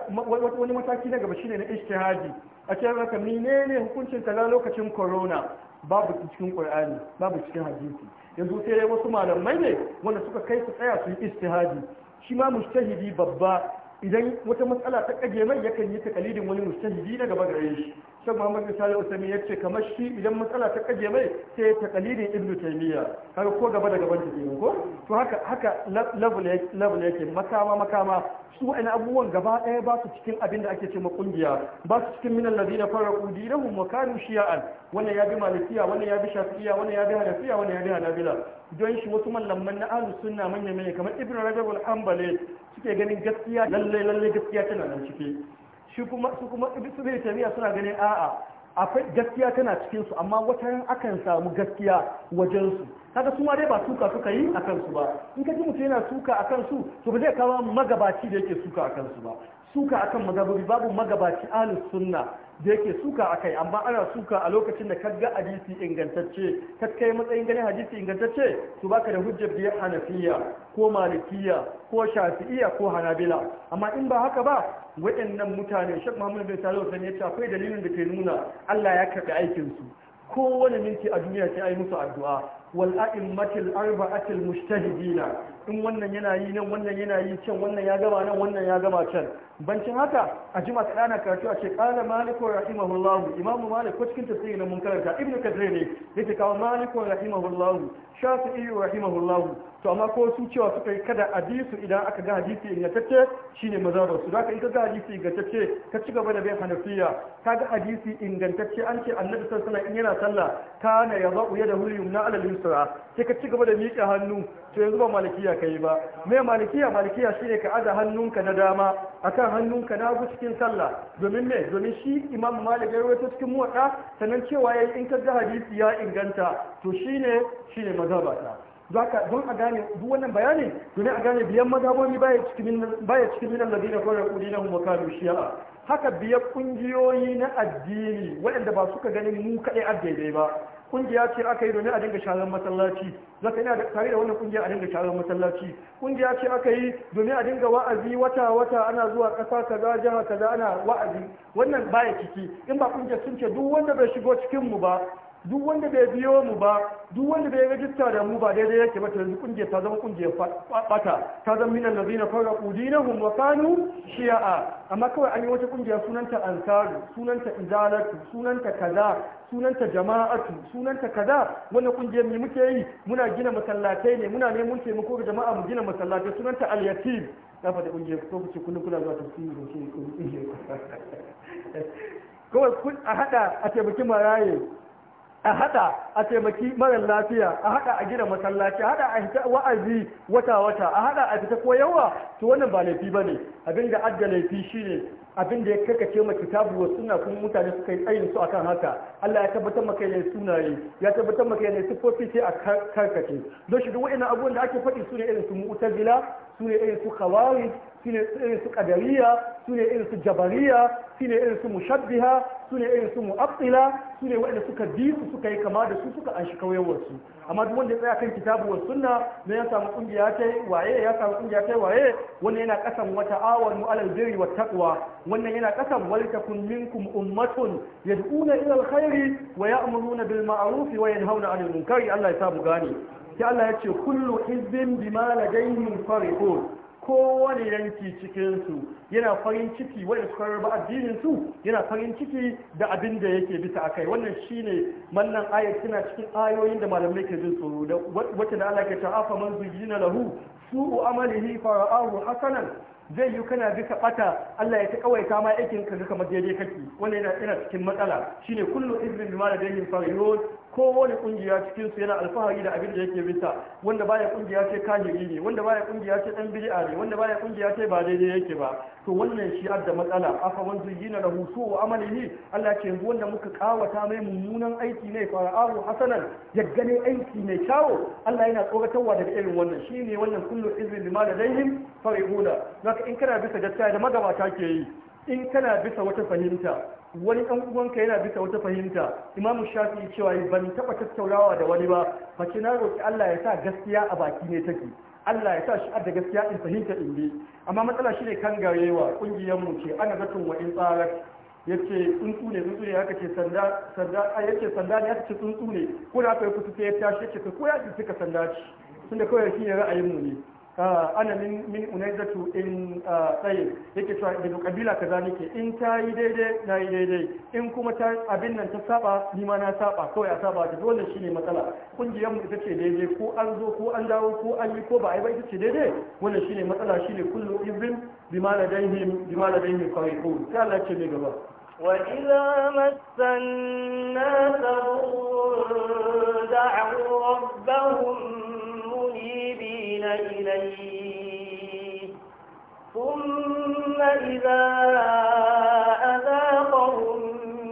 wani mataki na gaba shine na ijtihadi a cikin haka menene hukuncin kaza lokacin corona babu cikin qur'ani babu cikin hadisi yanzu sai wasu malamai ne wanda suka kai su tsaya su yi istihadi shi ma mustahidi babba idan wata matsala ta ɗage mai yakan yi takalidin wani mustahidi na gaba gare shi sai muhammad salih usami ya ce kamar shi idan matsala ta kaje mai sai ta taqalidi ibnu taymiya kaga ko gaba da gaban ta ko to haka haka level level yake makama makama su wa'in abubuwan gaba ɗaya ba su cikin abin da ake ce ma kungiya ba su cikin minan ladina farraqu dinahum wa kanu shi'an wannan ya bi malikiya wannan ya bi shafi'iyya wannan ya bi hanafiya wannan ya bi hanabila don shi wasu mallaman na ahlus sunna manya manya kamar ibnu rajab al-hanbali suke ganin gaskiya lalle lalle gaskiya tana nan ciki shi kuma su kuma su bai suna ganin a'a akwai gaskiya tana cikin su amma wata ran akan samu gaskiya wajen su kaga su ma dai ba suka suka yi akan su ba in ka ji mutum yana suka akan su to ba zai kawo magabaci da yake suka akan su ba suka akan magabaci babu magabaci ahlus sunna da yake suka a kai, amma ana suka a lokacin da kaga hadisi ingantacce kai matsayin ganin hadisi ingantacce to baka da hujjar biyar hanafiya ko malikiya ko shafi'iya ko hanabila amma in ba haka ba waɗannan mutane shek muhammad bin salo sun ya akwai dalilin da ke nuna Allah ya karɓi aikin su wani minti a duniya sai yi musu addu'a wal arba arba'atil mustahidina in wannan yana yi nan wannan yana yi can wannan ya gama nan wannan ya gama can bancin haka a jima ta karatu a ce qala malik rahimahullah imamu malik ko cikin tafsiri na mun karanta ibnu kathir ne yake kawo malik rahimahullah shafi'i rahimahullah to amma ko su cewa suka yi kada hadisu idan aka ga hadisi ingantacce shine mazhabar su zaka in ka ga hadisi ingantacce ka ci gaba da bin hanafiya ka ga hadisi ingantacce an ce annabi sallallahu alaihi wasallam in yana sallah kana yadau yadahu yumna ala kisra sai ka ci gaba da miƙe hannu to yanzu ba malikiya kai ba me malikiya malikiya shine ka aza hannunka na dama akan hannunka na hagu cikin sallah domin me domin shi imam malik ya rawaito cikin muwaɗa sannan cewa yayi in ka ga hadisi ya inganta to shine shine ta zaka don a gane duk wannan bayani domin a gane biyan mazhabobi baya cikin baya cikin minan ladina qala qulina na makalu shi'a haka biya kungiyoyi na addini waɗanda ba suka ganin mu kaɗai addai ba kungiya ce aka yi domin a dinga sharan masallaci za ka da tare da wannan kungiya a dinga sharan masallaci kungiya ce aka yi domin a dinga wa'azi wata wata ana zuwa kasa kaza jiha kaza ana wa'azi wannan baya ciki in ba kungiya sun ce duk wanda bai shigo cikin mu ba duk wanda bai biyo mu ba duk wanda bai rajista da mu ba daidai yake ba yanzu kungiyar ta zama kungiyar bata ta zama minan na lazina farraqu dinahum wa kanu shi'a amma kawai an yi wata kungiyar sunanta ansaru sunanta izalatu sunanta kaza sunanta jama'atu sunanta kaza wannan kungiyar ne muke yi muna gina masallatai ne muna neman taimako ga jama'a mu gina masallatai sunanta al-yatim da kungiyar ko kuce kullum kula zuwa tafsiri ko shi kungiyar kawai a hada a taimaki maraye a hada a taimaki marar lafiya a hada a gina masallaci a hada a fita wa'azi wata-wata a haɗa a fita ko yawa, to wannan ba laifi ba ne abin da adda laifi shine abin da ya karkace ma kitabu wa suna kuma mutane suka yi tsayin su akan haka Allah ya tabbatar maka ne sunaye ya tabbatar maka ne siffofi sai a karkace don shi duk wa'annan abubuwan da ake faɗi su ne irin su mu'tazila su ne irin su kawari su ne irin su kadariya su ne irin su jabariya su ne irin su mushabbiha su ne irin su mu'attila su ne waɗanda suka bi su suka yi kama da su suka anshi kauyewarsu amma duk wanda ya tsaya kan kitabu wa sunna ne ya samu kungiya ta waye ya samu kungiya ta waye wannan yana kasan wata awanu alal birri wat taqwa wannan yana kasan wal takun minkum ummatun yad'una ila alkhairi wa ya'muruna bil ma'ruf wa yanhauna 'anil munkari Allah ya sa mu gane sai Allah ya ce kullu hizbin bima ladaihim farihun kowane yanki cikin su yana farin ciki wanda suka raba addinin su yana farin ciki da abin da yake bisa akai wannan shine mallan ayat tana cikin ayoyin da malamai ke jin tsoro da wata da Allah ke ta afa man zujina lahu su'u amalihi ra'ahu hasanan zai yi kana bisa bata Allah ya ta kawaita ma aikin ka kamar daidai kake wannan yana cikin matsala shine kullu izmin bima ladaihim farihun kowane kungiya cikin su yana alfahari da abin da yake bisa wanda baya kungiya ce kahiri ne wanda baya kungiya ce dan bid'a ne wanda baya kungiya ce ba daidai yake ba to wannan shi da matsala afa wan zuyyina lahu su'u amalihi Allah ke yanzu wanda muka kawata mai mummunan aiki ne fara'ahu hasanan ya gane aiki mai kyawo Allah yana tsoratarwa daga irin wannan shine wannan kullu izrin bima ladaihim farihuna zaka in kana bisa gaskiya da magabata ke yi in kana bisa wata fahimta wani ɗan uwanka yana bisa wata fahimta imamu shafi cewa ban taɓa tattaunawa da wani ba face na roƙi Allah ya sa gaskiya a baki ne take Allah ya sa shi da gaskiya in fahimta in bi amma matsala shine kan garewa ƙungiyar mu ce ana zaton wa in tsarar yace tsuntsu ne tsuntsu ne aka ce sanda sanda yace sanda ne aka ce tsuntsu ne ko da aka yi kutu ya tashi yace ko ya ji suka sanda ci tunda kawai ne ra'ayin mu ne ana min min unaizatu in tsaye yake cewa daga kabila kaza nake in ta yi daidai na yi daidai in kuma ta abin nan ta saba ni ma na saba kawai a saba ta dole shine matsala kungiyar mu ita ce daidai ko an zo ko an dawo ko an yi ko ba ai ba ita ce daidai wannan shine matsala shine kullu ibn bima ladaihim bima kawai ko sai Allah ce ne gaba wa idza massanna ضر da'u rabbahum أُنزِلَ إِلَيْهِ ثُمَّ إِذَا أَذَاقَهُم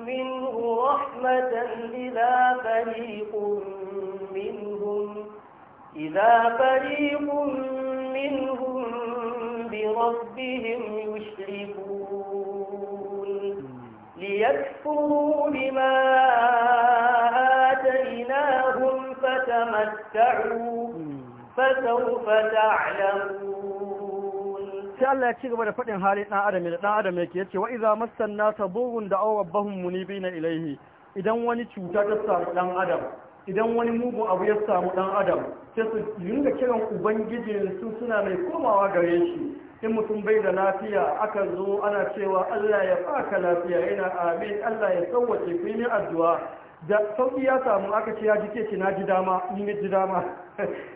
مِّنْهُ رَحْمَةً إِذَا فَرِيقٌ مِّنْهُمْ إِذَا فَرِيقٌ مِّنْهُمْ بِرَبِّهِمْ يُشْرِكُونَ لِيَكْفُرُوا بِمَا آتَيْنَاهُمْ فَتَمَتَّعُوا فسوف تعلمون sai Allah ya ci gaba da faɗin halin ɗan adam da ɗan adam yake yace wa idza massanna tabugun da aw biyu munibina ilayhi idan wani cuta ta samu ɗan adam idan wani mugu abu ya samu ɗan adam sai su dinga kiran ubangijin su suna mai komawa gare shi in mutum bai da lafiya aka zo ana cewa Allah ya baka lafiya ina amin Allah ya sauwace kini yi addu'a da sauki ya samu aka ce ya ji ke na ji dama ni ne ji dama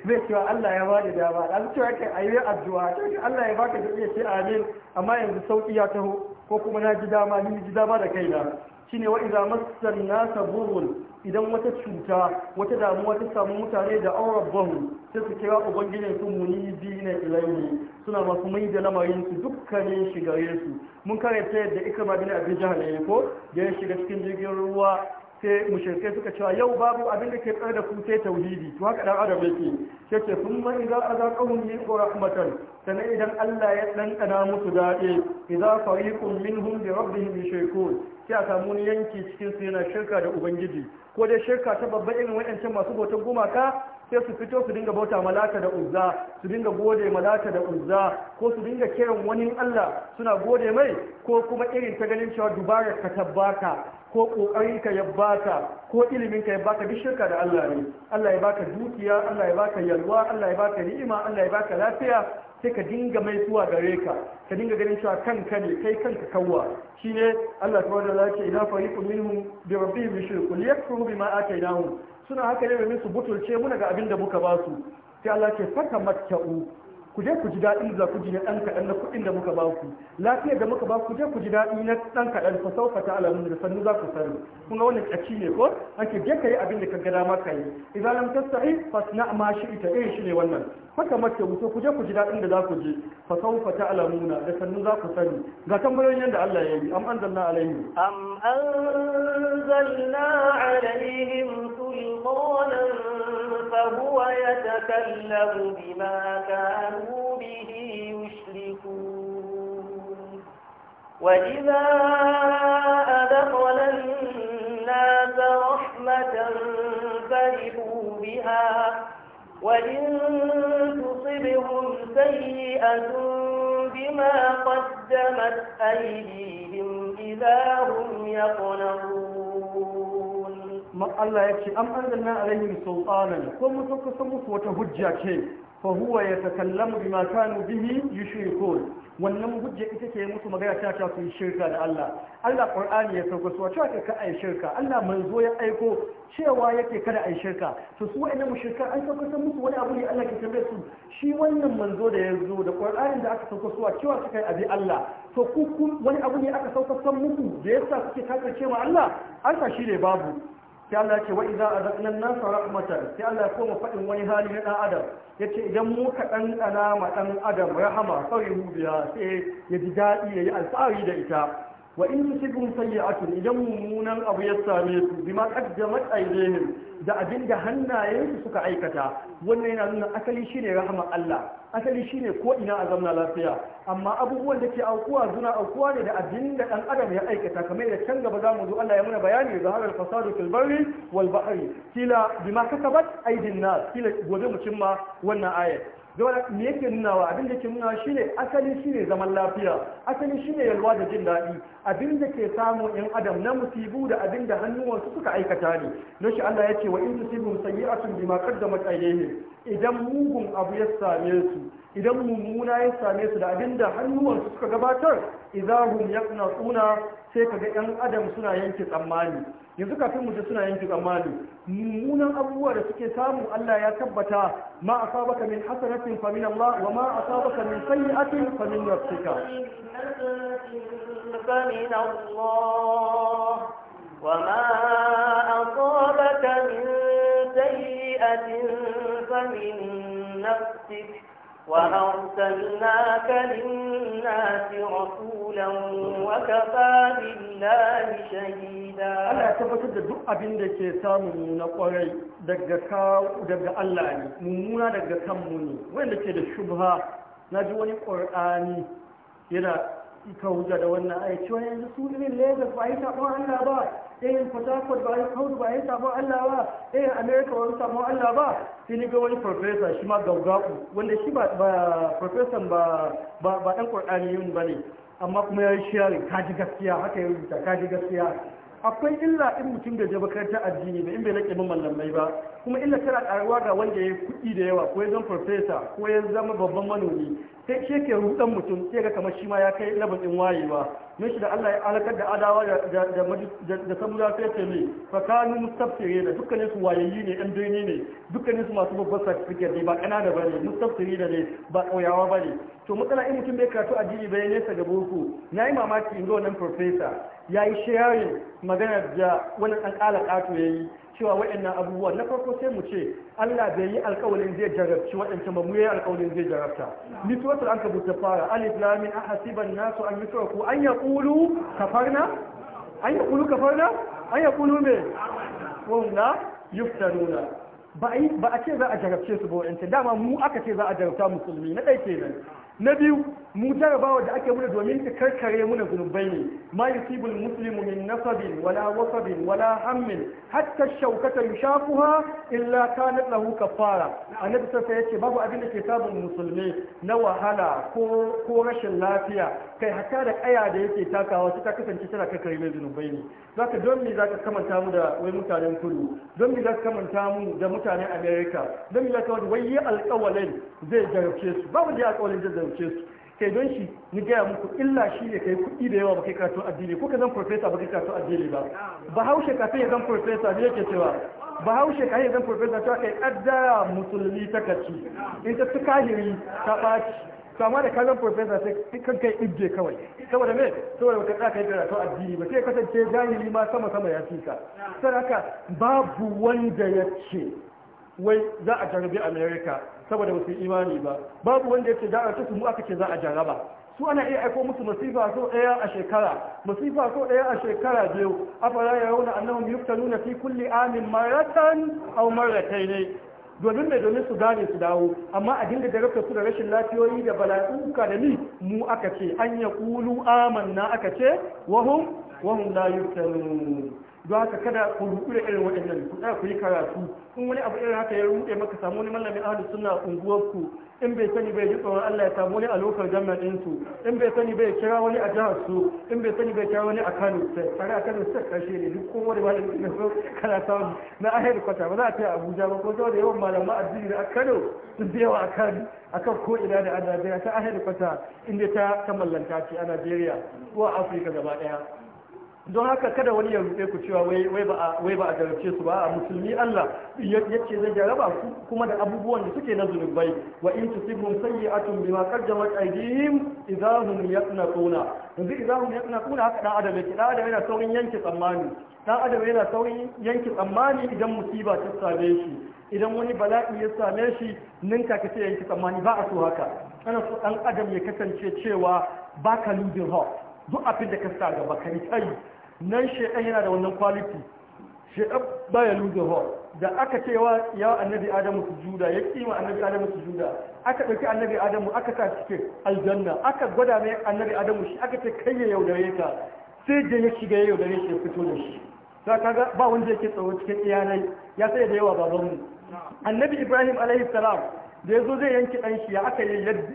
zai cewa Allah ya bada dama dan cewa kai ayi addu'a to Allah ya baka duniya ce amin amma yanzu sauki ya taho ko kuma na ji dama ni ji dama da kaina shine wa idza massan nasa burun idan wata cuta wata damuwa ta samu mutane da auren bahu sai su kira ubangijin su muni dina ilaini suna masu mai da lamarin su dukkanin shigare su mun karanta yadda ikrama bin abin jahal ne ko da ya shiga cikin jirgin ruwa sai mushrikai suka cewa yau babu abin da ke tsare da ku sai tauhidi to haka dan adam yake yake sun man idza azaqahum min rahmatan sannan idan Allah ya ɗanɗana musu dade idza fariqun minhum bi rabbihim yushrikun sai a samu yanki cikin su yana shirka da ubangiji ko dai shirka ta babba irin wayancan masu bautan gumaka sai su fito su dinga bauta malaka da uzza su dinga gode malaka da uzza ko su dinga kiran wani Allah suna gode mai ko kuma irin ta ganin cewa dubarar ka tabbaka ko ƙoƙarinka ya baka ko iliminka ya baka duk shirka da Allah ne Allah ya baka dukiya Allah ya baka yalwa Allah ya baka ni'ima Allah ya baka lafiya sai ka dinga mai zuwa gare ka ka dinga ganin cewa kanka ne kai kanka kawwa shine Allah tabaraka wa ta'ala ina fariqun minhum bi rabbihim yushrikun liyakfuru bima ataynahum suna haka ne domin su butulce muna ga abinda muka ba su sai Allah ce faka ku je ku ji daɗin za ku ji na ɗan kaɗan na kuɗin da muka ba ku lafiyar da muka ba ku je ku ji daɗi na ɗan kaɗan fa sauka ta alamun da sannu za ku sani kun ga wannan ƙaci ne ko an ke je ka yi abin da ka ga dama ka yi idan lam tastahi fasna ma shi ita irin eh, shi ne wannan haka mace wuce ku je ku ji daɗin da za ku ji fa sauka ta alamuna da sannu za ku sani ga tambayoyin yadda Allah ya yi am anzalna alaihim am anzalna alaihim sulmanan fa huwa yatakallamu bima kanu له به يشركون وإذا أدخل الناس رحمة فرحوا بها وإن تصبهم سيئة بما قدمت أيديهم إذا هم يقنعون ما الله يكشي أم أنزلنا عليهم سلطانا كم تقسم وتهجة كيف فهو ya بما كانوا به يشركون wannan hujja ita ke musu magana ta ta su shirka da Allah Allah Qur'ani ya sauka su cewa ka ai shirka Allah manzo ya aiko cewa yake kada ai shirka to su mu mushrikan an sauka musu wani abu ne Allah ke tambaye su shi wannan manzo da ya zo da Qur'ani da aka sauka su cewa suka yi abi Allah to ku wani abu ne aka sauka muku da yasa suke kafirce ma Allah Allah shi ne babu sai Allah ce wa idza azaqna an-nasa rahmatan sai Allah ya koma fadin wani hali na dan adam yace idan mu ka dan ma dan adam rahama sai biya sai ya ji dadi yayi alfahari da ita wa in tusibhum sayyi'atun idan mummunan abu ya same su bima qaddamat aydihim da abinda hannayensu suka aikata wannan yana nuna asali shine rahmar Allah asali shine ko ina a zamna lafiya amma abubuwan da ke aukuwa suna aukuwa ne da abinda dan adam ya aikata kamar da can gaba zamu zo Allah ya muna bayani da harar fasadu fil barri wal bahri kila bima kasabat aydin nas kila gobe mu cimma wannan ayat zama me yake nunawa abin da ke nuna shine asali shine zaman lafiya asali shine yalwa da jin daɗi abin da ke samu yan adam na musibu da abin da hannuwansu suka aikata ne na shi Allah ya ce wa in tusibum sayyi'atun bima da ne idan mugun abu ya same su idan mummuna ya same su da abin da hannuwansu suka gabatar idahum tsuna sai kaga yan adam suna yanke tsammani yanzu kafin mu ta suna yin tuka malu mummunan abubuwa da suke samu Allah ya tabbata ma a asabaka min hasanatin fa min Allah wa ma asabaka min sayyi'atin fa min nafsika فمن الله وما أصابك من سيئة فمن وأرسلناك للناس رسولا وكفى بالله شهيدا أنا أتبت دعا أبين دك سامونا قري دك كاو دك الله ممونا دك كموني وين دك الشبهة نجواني قرآني yana ka hujja da wannan aiki cewa yanzu su irin lagos ba yi sabon allah ba irin port harcourt ba yi kaudu ba yi sabon allah ba irin america ba yi sabon allah ba sai ni ga wani farfesa shi ma gaugaku wanda shi ba farfesan ba ɗan dan yin ba ne amma kuma ya yi sharing kaji gaskiya haka ya rubuta kaji gaskiya akwai illa in mutum da jaba karta addini ba in bai rike mallamai ba kuma illa tana karuwa ga wanda ya yi kuɗi da yawa ko ya zama farfesa ko ya zama babban manomi sai shi ke rudan mutum sai ga kamar shi ma ya kai labarin wayewa mun shi da Allah ya alakar da adawa da samuda sai ce ne fakanu mustafsiri da dukkanin su wayayyi ne yan birni ne dukkanin su masu babbar certificate ne ba kanana bane mustafsiri da ne ba kauyawa bane to matsala in mutum bai karatu addini bai nesa ga boko nayi mamaki in ga wannan professor yayi sharing magana da wannan dan kala ya yayi cewa waɗannan abubuwan na farko sai mu ce Allah bai yi alƙawarin zai jarabci waɗancan ba mu yi alƙawarin zai jarabta ni suratul ankabut ta fara alif lam min ahasiban nasu an yutraku an yaqulu kafarna an yaqulu kafarna an yaqulu me hum la yuftanuna ba a ce za a jarabce su ba waɗancan dama mu aka ce za a jarabta musulmi na ɗaya kenan na biyu mu jarabawa da ake muna domin ta karkare muna zunubai ne ma yusibul muslimu min nasabin wala wasabin wala hammin hatta shaukata yushafuha illa kanat lahu kafara annabi sai yace babu abin da ke samun musulmi na wahala ko ko rashin lafiya kai hatta da aya da yake takawa su ta kasance tana karkare mai zunubai ne zaka don me zaka kamanta mu da wai mutanen kudu don me zaka kamanta mu da mutanen america don me zaka wai alƙawalin zai jarabce su babu da alƙawalin zai fahimce su kai don shi ni gaya muku illa shi ne kai kuɗi da yawa baka karatun addini ko ka zan profesa baka karatun addini ba bahaushe kafin ya zan profesa ne yake cewa bahaushe ka ya zan profesa cewa kai kaddara musulmi ta kaci in ta tukahiri ta ɓaci kama da kallon profesa sai kan kai ibje kawai saboda me saboda baka tsaka kai karatun addini ba sai kasance jahili ma sama sama ya fika saboda haka babu wanda ya ce wai za a jarabi america saboda wasu imani ba babu wanda ya yake da ta mu aka ce za a jaraba su ana iya aiko musu masifa so daya a shekara masifa so daya a shekara biyu ya yarawna annahum yuftanuna fi kulli amin maratan aw maratayn domin mai domin su gane su dawo amma a dinga jarabta su da rashin lafiyoyi da bala'uka da ni mu aka ce an ya kulu amanna aka ce wahum wahum la yuftanun don haka kada ku rubu da irin waɗannan ku tsaya ku yi karatu in wani abu irin haka ya rubuɗe maka samu wani malamin ahlus sunna unguwarku in bai sani bai ji tsoron Allah ya samu wani a lokacin jami'a ɗin su in bai sani bai kira wani a jihar su in bai sani bai kira wani a Kano sai tare a Kano sai karshe ne duk kowa da malamin ne so kana samu na ahir kwata ba za a tsaya Abuja ba ko da yawan malaman addini da a Kano sun da yawa a Kano akan ko ina da a Najeriya ta ahir kwata inda ta kamallanta ce a Najeriya ko a Afirka gaba ɗaya. don haka kada wani ya rufe ku cewa wai ba a jarabce su ba a musulmi Allah ya ce zai jaraba su kuma da abubuwan da suke na zunubai wa in tusibhum sayyi'atun bima qaddamat aydihim idahum yaqnatuna yanzu idahum yaqnatuna haka dan adam yake dan adam yana saurin yanke tsammani dan adam yana saurin yanke tsammani idan musiba ta same shi idan wani bala'i ya same shi ninka ka ce yanke tsammani ba a so haka ana so dan adam ya kasance cewa baka losing hope duk abin da ka sa gaba kai nan shaidan yana da wannan kwaliti shaidan baya lose hall da aka cewa ya annabi adamu juda ya kima annabi adamu juda aka ɗauki annabi adamu aka sa cikin aljanna aka gwada mai annabi adamu shi aka ce kai ya yaudare ka sai da ya shiga ya yaudare shi ya fito da shi za ka ga ba wanda yake tsoro cikin iyanai ya sai da yawa babanmu annabi ibrahim alaihi salam da ya zo zai yanki dan shi ya aka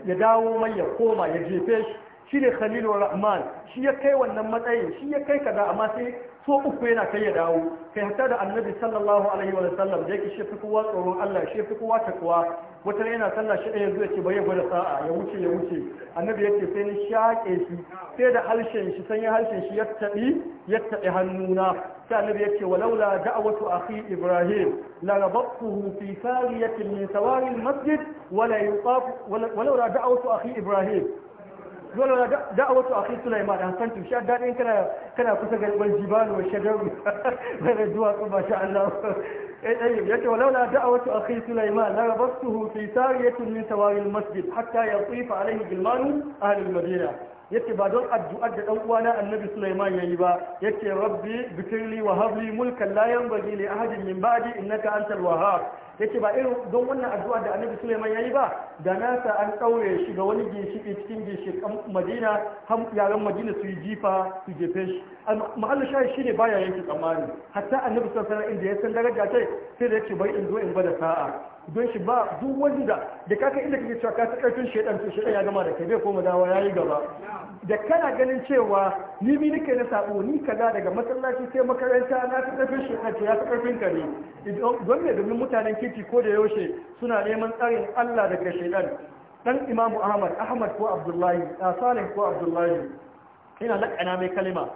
ya dawo mai ya koma ya jefe shi shi ne khalilur rahman shi ya kai wannan matsayin shi ya kai kaza amma sai so uku yana kai ya dawo kai hatta da annabi sallallahu alaihi wa sallam da yake shi fi kowa tsoron Allah shi fi kowa takwa wata yana sallah shi ɗaya zuwa ce bai gwada sa'a ya wuce ya wuce annabi yake sai ni shaƙe shi sai da harshen shi sanya harshen shi ya taɓi ya taɓi hannuna sai annabi yake walaula da'watu akhi ibrahim la rabattuhu fi sariyatin min sawari masjid wala yutaf walaula da'watu akhi ibrahim dole na wato akai Sulaiman Hassan to sha dadin kana kana kusa ga wal jibalu wa shadaru da duwa ko masha Allah eh dai eh yace walaula wato akai Sulaiman la rabastuhu fi sariyati min sawari al masjid hatta yatif alayhi gilman ahli al madina yace ba don addu'ar da dan uwana annabi Sulaiman yayi ba yace rabbi bitirli wa habli mulkan la yanbaghi li ahadin min ba'di innaka antal wahhab yake ba irin don wannan addu'a da annabi ya yi ba da nasa an ɗaure shi ga wani ginshiki cikin ginshikan Madina har yaran Madina su yi jifa su jefe shi ma'alla shayi shine baya yanke tsammani hatta annabi sallallahu alaihi wasallam inda ya san daraja tai sai da yake bai in zo in bada sa'a don shi ba duk wani da da kaka inda kake cewa ka ta karfin shaidan to shaidan ya gama da kai bai koma dawa yi gaba da kana ganin cewa ni bi nake na sabo ni kaza daga masallaci sai makaranta na ta karfin shaidan to ya ta karfin ka ne don me domin mutanen kirki ko da yaushe suna neman tsarin Allah daga shaidan dan imamu Ahmad Ahmad ko Abdullahi ah, Salih ko Abdullahi ina kana mai kalima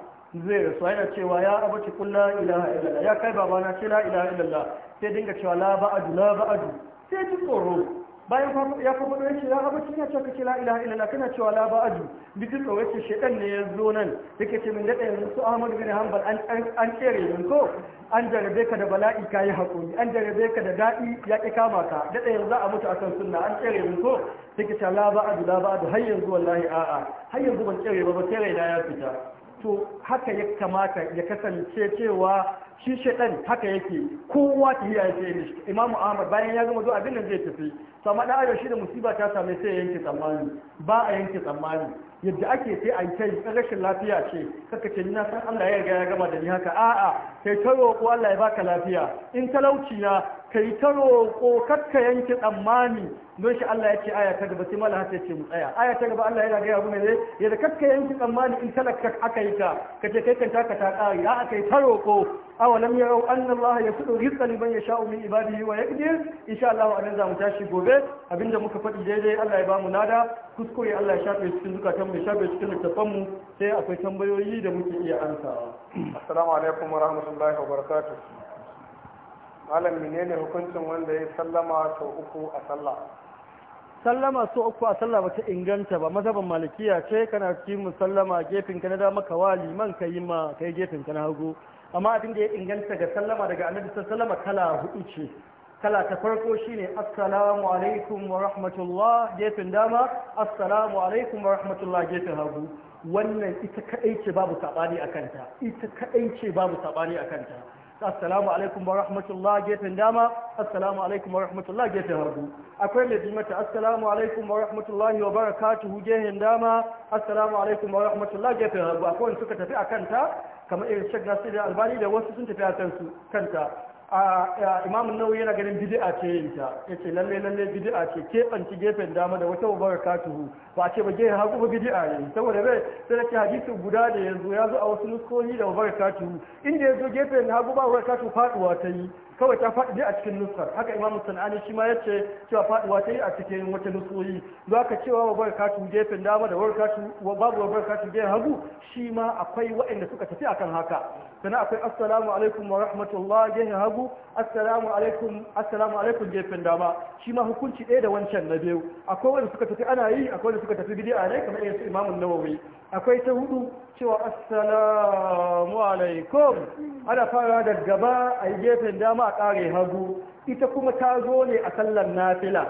zai rasu yana cewa ya abaci kullu ilaha illallah ya kai babana ce la ilaha illallah sai dinga cewa la ba'adu la ba'adu sai ji tsoro bayan ya kuma ɗaya ce ya abacin ya cewa kake la ila illallah kana cewa la ba'adu bi ji tsoro ce shaɗan ne ya zo nan yake ce min daɗa yanzu su ahmadu bin hanbal an kere yanzu ko an jarabe ka da bala'i ka yi haƙuri an jarabe ka da daɗi ya ƙi kama ka daɗa yanzu a mutu akan sunna an kere yanzu ko da ke ce la ba'adu la ba'adu har yanzu wallahi a'a har yanzu ban kere ba ba sai raina ya fita to haka ya kamata ya kasance cewa shi shaɗan haka yake kowa ta yi yake ne imamu ahmad bayan ya zama zuwa abin da zai tafi sama da ayo shi da musiba ta same sai yanke tsammani ba a yanke tsammani yadda ake sai a kai rashin lafiya ce kaka ce ni na san Allah ya riga ya gama da ni haka a'a sai ta roƙo Allah ya baka lafiya in talauci na kai ta roƙo kakka yanke tsammani don shi Allah ya ce aya ta gaba sai mala ta ce mu tsaya aya ta gaba Allah yana gaya yaro ne ya da kakka yanke tsammani in talaka aka yi ta kace kai kan taka ta ƙari a aka yi ta roƙo awalam ya anna Allah yasudu rizqan liman yasha'u min ibadihi wa yaqdir insha Allah nan za mu tashi gobe abinda muka faɗi daidai Allah ya bamu nada kuskure Allah ya shafe cikin zukatan mu shafe cikin littafan mu sai akwai tambayoyi da muke iya ansawa assalamu alaikum wa rahmatullahi wa barakatuh malam menene hukuncin wanda ya sallama sau uku a sallah sallama sau uku a sallah bata inganta ba mazhaban malikiya ce kana cikin musallama gefen ka na dama maka wali man ka yi ma kai gefen ka na hagu amma abin da ya inganta ga sallama daga annabi sallama kala hudu ce kala ta farko shine assalamu alaikum wa rahmatullah gefen dama assalamu alaikum wa rahmatullah gefen hagu wannan ita kadai ce babu sabani a kanta ita kadai ce babu sabani a kanta assalamu alaikum wa rahmatullah gefen dama assalamu alaikum wa rahmatullah gefen hagu akwai mai jimata assalamu alaikum wa rahmatullahi wa barakatuhu gefen dama assalamu alaikum wa rahmatullah gefen hagu akwai wanda suka tafi a kanta kamar irin shek nasir albani da wasu sun tafi a kansu kanta imam nawawi yana ganin bid'a ce yin ta yace lalle lalle bid'a ce ke banci gefen dama da wata katuhu ba ce ba gefen hagu bid'a ne saboda bai sai da hadisi guda da yanzu ya zo a wasu nuskoli da katuhu inda yazo gefen hagu ba katuhu faduwa ta yi kawai ta faɗi a cikin nuskar haka imamu sana'ani shi ma yace cewa faɗuwa ta yi a cikin wata nusoyi za ka cewa wa katu gefen dama da wa babu wa katu gefen hagu shi ma akwai waɗanda suka tafi akan haka sannan akwai assalamu alaikum wa rahmatullah gefen hagu assalamu alaikum assalamu alaikum gefen dama shi ma hukunci ɗaya da wancan na biyu akwai wanda suka tafi ana yi akwai wanda suka tafi a ne kamar irin su imamu nawawi akwai ta hudu cewa assalamu alaikum ana fara da gaba a yi gefen dama a kare hagu ita kuma ta zo ne a sallar nafila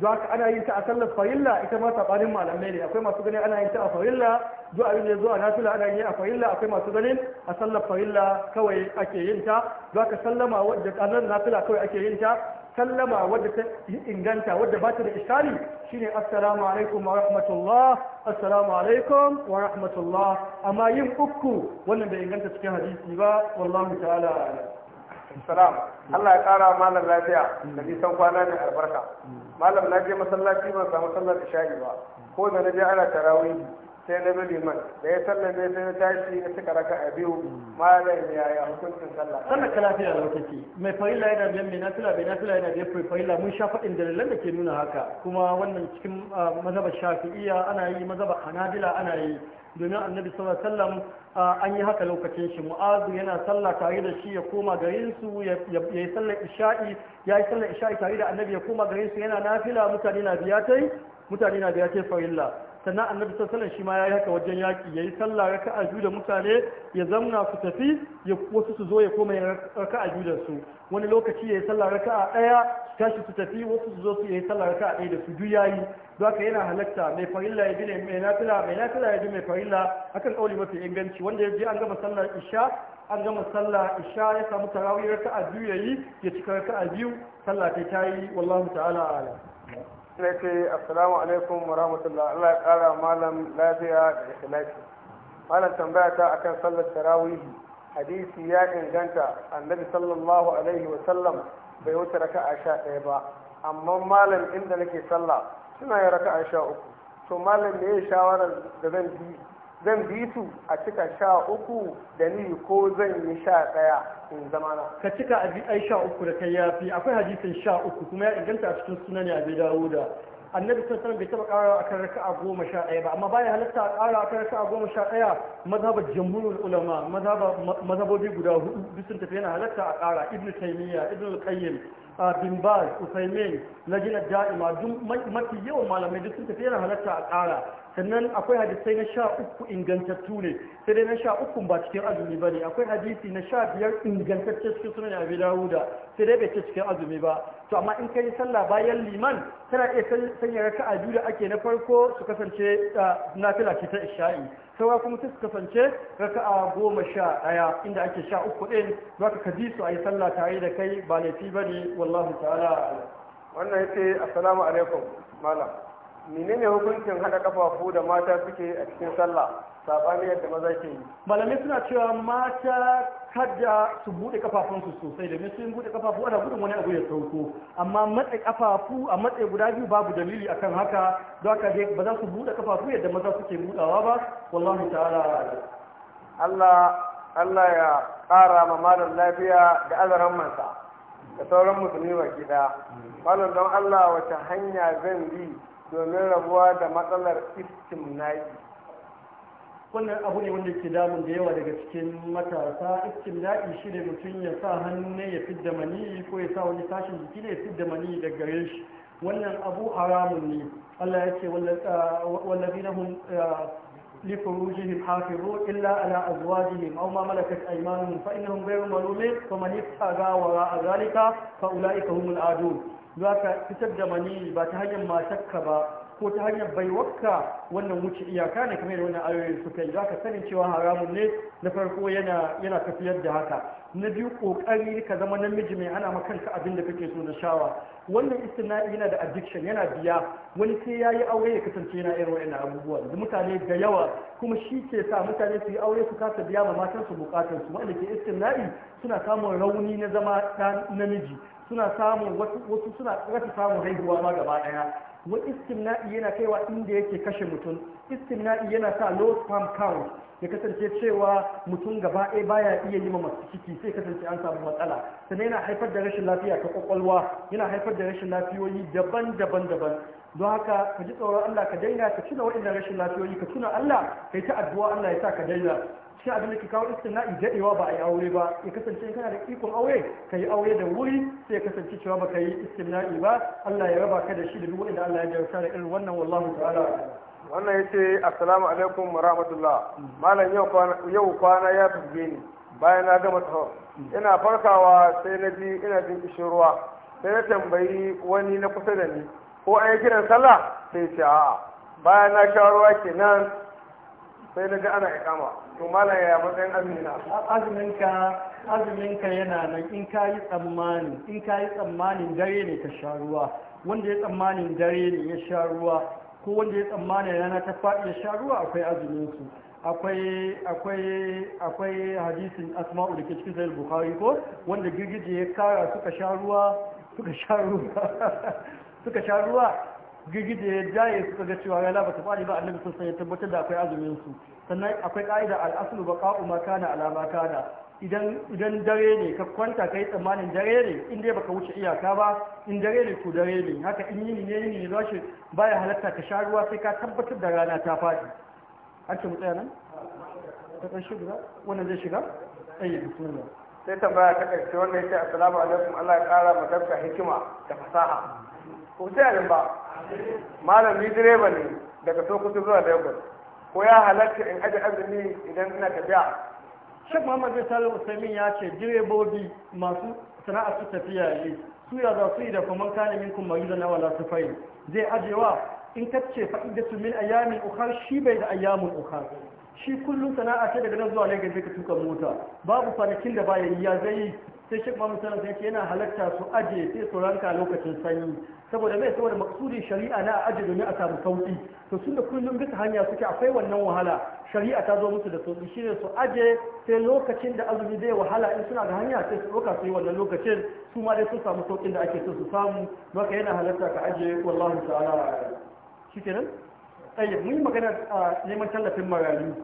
zuwa haka ana yin ta a sallar farilla ita ma sabanin malamai ne akwai masu ganin ana yin ta a farilla zuwa abin da zuwa nafila ana yin a farilla akwai masu ganin a sallar farilla kawai ake yin ta don haka sallama wadda kanar nafila kawai ake yin ta sallama wadda ta inganta wadda ba ta da iskali shine assalamu alaikum wa rahmatullah assalamu alaikum wa rahmatullah amma yin uku wannan bai inganta cikin hadisi ba wallahi ta'ala salam Allah ya kara malam lafiya da nisan kwana mai albarka malam na je masallaci ban samu sallar isha'i ba ko da na je ana tarawih sai na bi liman da ya sallame sai na tashi na cika raka a biyu malam ya ya hukuncin sallah Sannan ka lafiya da ke mai fa'ila yana biyan mai nafila mai nafila yana biyan mai fa'ila mun sha faɗin dalilan da ke nuna haka kuma wannan cikin ah, mazhabar shafi'iyya ana yi mazhabar hanadila ana yi domin annabi sallallahu alaihi wasallam ah, an yi haka lokacin shi mu'azu yana sallah tare da shi ya koma garin su ya yi sallar isha'i ya yi sallar isha'i tare da annabi ya koma garin su yana nafila mutane na biya ta yi. mutane na biya tai fa'ila sannan annabi sallallahu alaihi shi ma yayi haka wajen yaki yayi sallah raka'a biyu da mutane ya zamna su tafi ya wasu su zo ya koma raka'a biyu da su wani lokaci yayi sallah raka'a daya tashi su tafi wasu su zo su yayi sallah raka'a daya da su duk yayi don haka yana halatta mai farilla ya bi ne mai nafila mai nafila ya bi mai farilla akan kauli mafi inganci wanda ya je an gama sallar isha an gama sallah isha ya samu tarawih raka'a biyu yayi ya cika raka'a biyu sallah ta yi wallahu ta'ala a'lam ne ce assalamu alaikum wa rahmatullah Allah ya kara malam lafiya da ikhlasi malam tambaya ta akan sallar tarawihi hadisi ya inganta annabi sallallahu alaihi wa sallam bai wuce raka'a sha ɗaya ba amma malam inda nake sallah suna yin raka'a sha uku to malam ne ya shawarar da zan bi zan bi su a cika sha uku da ni ko zan yi sha ɗaya in zama na. Ka cika ai sha uku da kai yafi akwai hadisin sha uku kuma ya inganta a cikin sunan ya bai dawo da annabi sassan bai taɓa ƙara a kan raka'a goma sha ɗaya ba amma baya halatta a ƙara a kan raka'a goma sha ɗaya mazhabar jamhurul ulama mazhabobi guda hudu duk sun tafi yana halatta a ƙara ibnu taymiya ibnu qayyim bin baz usaimin lajina da'ima duk mafi yawan malamai duk sun tafi yana halatta a ƙara sannan akwai hadisai na sha uku ingantattu ne sai dai na sha uku ba cikin azumi ba ne akwai hadisi na sha biyar ingantacce cikin sunan abi dawuda sai dai bai ce cikin azumi ba to amma in ka yi sallah bayan liman tana iya sanya raka'a biyu da ake na farko su kasance nafila ce ta isha'i saura kuma sai su kasance raka a goma sha ɗaya inda ake sha uku ɗin za ka kaji su a yi sallah tare da kai ba laifi ba ne wallahu ta'ala wannan ce assalamu alaikum malam menene hukuncin haɗa kafafu da mata suke a cikin sallah sabani yadda maza ke yi malamai suna cewa mata kada su buɗe kafafunsu sosai domin sun buɗe kafafu ana gudun wani abu ya sauko amma matse kafafu a matse guda biyu babu dalili akan haka don haka dai ba za su buɗe kafafu yadda maza suke budawa ba wallahi ta'ala Allah Allah ya ƙara ma malam lafiya da azaran mansa da sauran musulmi baki da malam don Allah wace hanya zan bi domin rabuwa da matsalar na'i. wannan abu ne wanda ke damun da yawa daga cikin matasa na'i shi ne mutum ya sa hannu ne ya fidda mani ko ya sa wani tashin jiki ne ya fidda mani daga gare shi wannan abu haramun ne Allah ya ce uh, wallazina hum uh, li furujihim illa ala azwajihim aw ma malakat aymanuhum fa innahum ghayru malumin faman wa wara'a zalika fa ulaika humul adun za ka fitar da mani ba ta hanyar matakka ba ko ta hanyar baiwarka wannan wuce iyaka ne kamar wannan ayoyin suka yi za ka sanin cewa haramun ne na farko yana yana tafiyar da haka na biyu kokari ka zama namiji mai ana ma kanka abin da kake so na shawa wannan istina'i yana da addiction yana biya wani sai yayi aure ya kasance yana irin wa'annan abubuwa da mutane da yawa kuma shi ke sa mutane su yi aure su kasa biya ma matansu su bukatun su wanda ke istina'i suna samun rauni na zama namiji suna samun wasu suna rasa samun haihuwa ma gaba daya wa istimna'i yana kaiwa inda yake kashe mutum istimna'i yana sa low sperm count ya kasance cewa mutum gaba ɗaya baya iya yi masu ciki sai kasance an samu matsala sannan yana haifar da rashin lafiya ta kwakwalwa yana haifar da rashin lafiyoyi daban-daban daban don haka ka ji tsoron Allah ka daina ka tuna waɗannan rashin lafiyoyi ka tuna Allah kai ta addu'a Allah ya sa ka daina shi abin da ke kawo istina'i daɗewa ba a yi aure ba ya kasance kana da ikon aure ka yi aure da wuri sai ya kasance cewa ba ka yi istina'i ba Allah ya raba ka da shi da duk waɗanda Allah ya jarusa da irin wannan wallahu ta'ala wannan ya ce assalamu alaikum wa rahmatullah malam yau kwana ya buge ni bayan na gama tsawo ina farkawa sai na ji ina jin kishin ruwa sai na tambayi wani na kusa da ni ko an yi kiran sallah sai ce a bayan na sha ruwa kenan sai na ga ana ikama to malam ya matsayin azumina azuminka azuminka yana nan in ka yi tsammani in ka yi tsammanin dare ne ka sha ruwa wanda ya tsammanin dare ne ya sha ruwa ko wanda ya tsammanin rana ta faɗi ya sha ruwa akwai azumin su akwai hadisin asma'u da ke cikin sahih bukhari ko wanda girgije ya kara suka sha ruwa suka sha ruwa suka sha ruwa gigide ya jaye suka ga cewa labata ba fadi ba annabi sun san ya tabbatar da akwai azumin su sannan akwai ka'ida aslu baqa'u ma kana ala ma kana idan idan dare ne ka kwanta kai tsammanin dare ne in dai baka wuce iyaka ba in dare ne ku dare ne haka in yini ne yini ne zashi baya halatta ka sha ruwa sai ka tabbatar da rana ta fadi an ce mu tsaya nan ta kan shiga wannan zai shiga ayi bismillah sai tambaya ta karshe wanda ce assalamu alaikum Allah ya kara mu hikima da fasaha ko sai a ba ni direba ne daga sokoto zuwa lagos ko ya halatta in aje azumi idan ina tafiya shek muhammad bin salim usaimin ya ce direbobi masu sana'a su tafiya yi, su ya za su yi da kuma kane minkum mariza na wala sufai zai ajewa in ka ce fa'idatu min ayyamin ukhar shi bai da ayyamin ukhar shi kullum sana'a ce daga nan zuwa lagos zai ka tuka mota babu kwanakin da ba ya yi ya zai sai shi ba misalin sai yana halatta su aje sai su ranka lokacin sanyi saboda mai saboda maksudin shari'a na aje domin a samu sauki to sun da kullum bisa hanya suke akwai wannan wahala shari'a ta zo musu da sauki shine su aje sai lokacin da azumi zai wahala in suna da hanya sai su ɗauka su yi wannan lokacin su ma dai su samu saukin da ake so su samu maka yana halatta ka aje wallahi ta'ala shikenan ayyuka mun yi magana a ah, neman tallafin marayu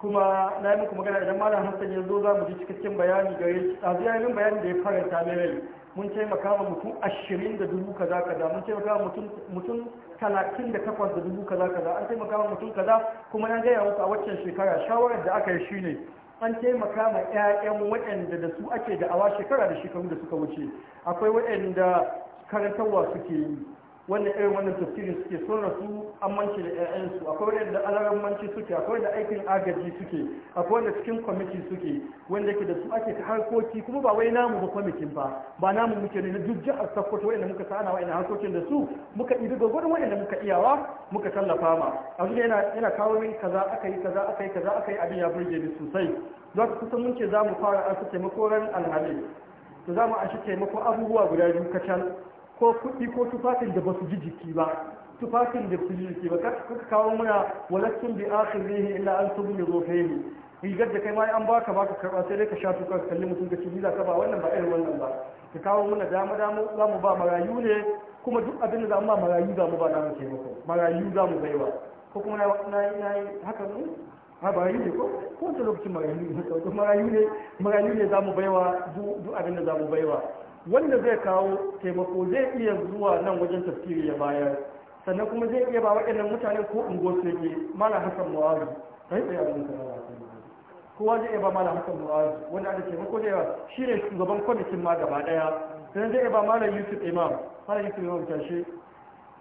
kuma na yi muku magana idan malam hassan ya zo za mu ji cikakken bayani gare yi a zuwa bayani da ya faranta mai rai mun taimaka ma mutum ashirin da dubu kaza kaza mun taimaka ma mutum talatin da takwas da dubu kaza kaza an taimaka ma mutum kaza kuma na gaya muku a waccan shekara shawarar da aka yi shine an taimaka ma 'ya'yan waɗanda da su ake da awa shekara da shekaru da suka wuce akwai waɗanda karantarwa suke yi wanda irin wannan tafsirin suke sonar su an manci da 'ya'yansu akwai wanda alaran manci suke akwai wanda aikin agaji suke akwai wanda cikin kwamiti suke wanda yake da su ake ta harkoki kuma ba wai namu ba kwamitin ba ba namu muke ne na duk jihar sakkwato wanda muka sana ina harkokin da su muka ɗi daga gudun wa'ina muka iyawa muka tallafa ma abin yana yana kawo min kaza aka yi kaza aka yi kaza aka yi abin ya burge ni sosai za ku kusan mun ce za mu fara an su taimako ran alhamis to za mu an shi taimako abubuwa guda biyu kacal ko kuɗi ko tufafin da ba su ji jiki ba tufafin da su ji jiki ba ka kawo muna walakin bi akhirihi illa an tubni ruhihi rigar da kai ma an baka baka karba sai dai ka sha tukar kalli mutum ka shi ka ba wannan ba irin wannan ba ka kawo muna dama dama za mu ba marayu ne kuma duk abin da za mu ba marayu za mu ba na mu taimako marayu za mu baiwa ko kuma na yi haka ne ha marayu ne ko ko wata lokacin marayu ne marayu ne marayu ne za mu baiwa duk abin da za mu baiwa wanda zai kawo taimako zai iya zuwa nan wajen tafsiri ya bayar sannan kuma zai iya ba waɗannan mutane ko ungo su yake mala hasan mu'azu kai tsaye abin ka kowa zai iya ba mala hasan mu'azu wanda aka taimako da yawa shi ne shugaban kwamitin ma gaba ɗaya sannan zai iya ba malam yusuf imam malam yusuf imam tashe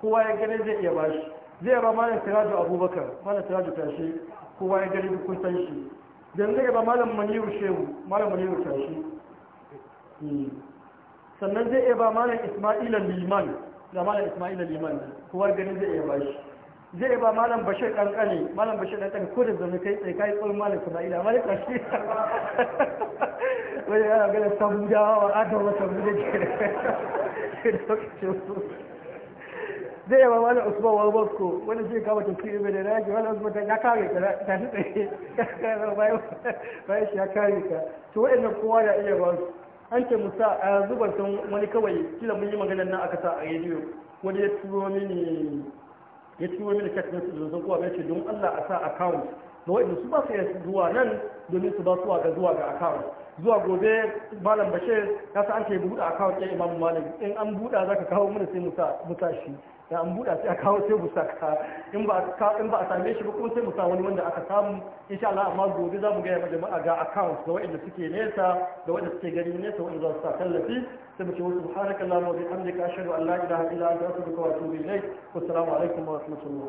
kowa ya gani zai iya bashi zai iya ba malam siraju abubakar malam siraju tashe kowa ya gani kun san shi dan zai iya ba malam maniru shehu malam maniru tashi hmm. sannan zai iya ba malam ismaila liman da malam ismaila liman kuwar gani zai iya ba shi zai iya ba malam bashir kankani malam bashir kankani ko da zama kai tsaye kai tsohon malam ismaila malam kashi wani yana gana sabu dawa adam wata bude ke zai yaba malam usman wa basko wani shi kama tafsiri mai da rage wani usman ya kare ka ta shi tsaye bayan shi ya kare ka to wa'annan kowa ya iya ba su an ce musa a zuban wani kawai kila mun yi maganar nan aka sa a rediyo wani ya turo mini ya turo mini text message kowa bai ce don Allah a sa account da wa'in su ba su zuwa nan domin su ba su ga zuwa ga account zuwa gobe malam bashir ya sa an ce buɗe account ɗin imamu malam in an buɗa ka kawo mana sai musa shi da an buɗa sai a kawo sai mu saka in ba a same shi ba kuma sai mu sa wani wanda aka samu insha Allah amma gobe za mu ga yamma jama'a ga account da wanda suke nesa da wanda suke gani nesa wanda za su sa tallafi sai mu ce wa subhanakallahumma wa bihamdika ashhadu an la ilaha illa anta astaghfiruka wa atubu ilaik assalamu alaikum wa rahmatullah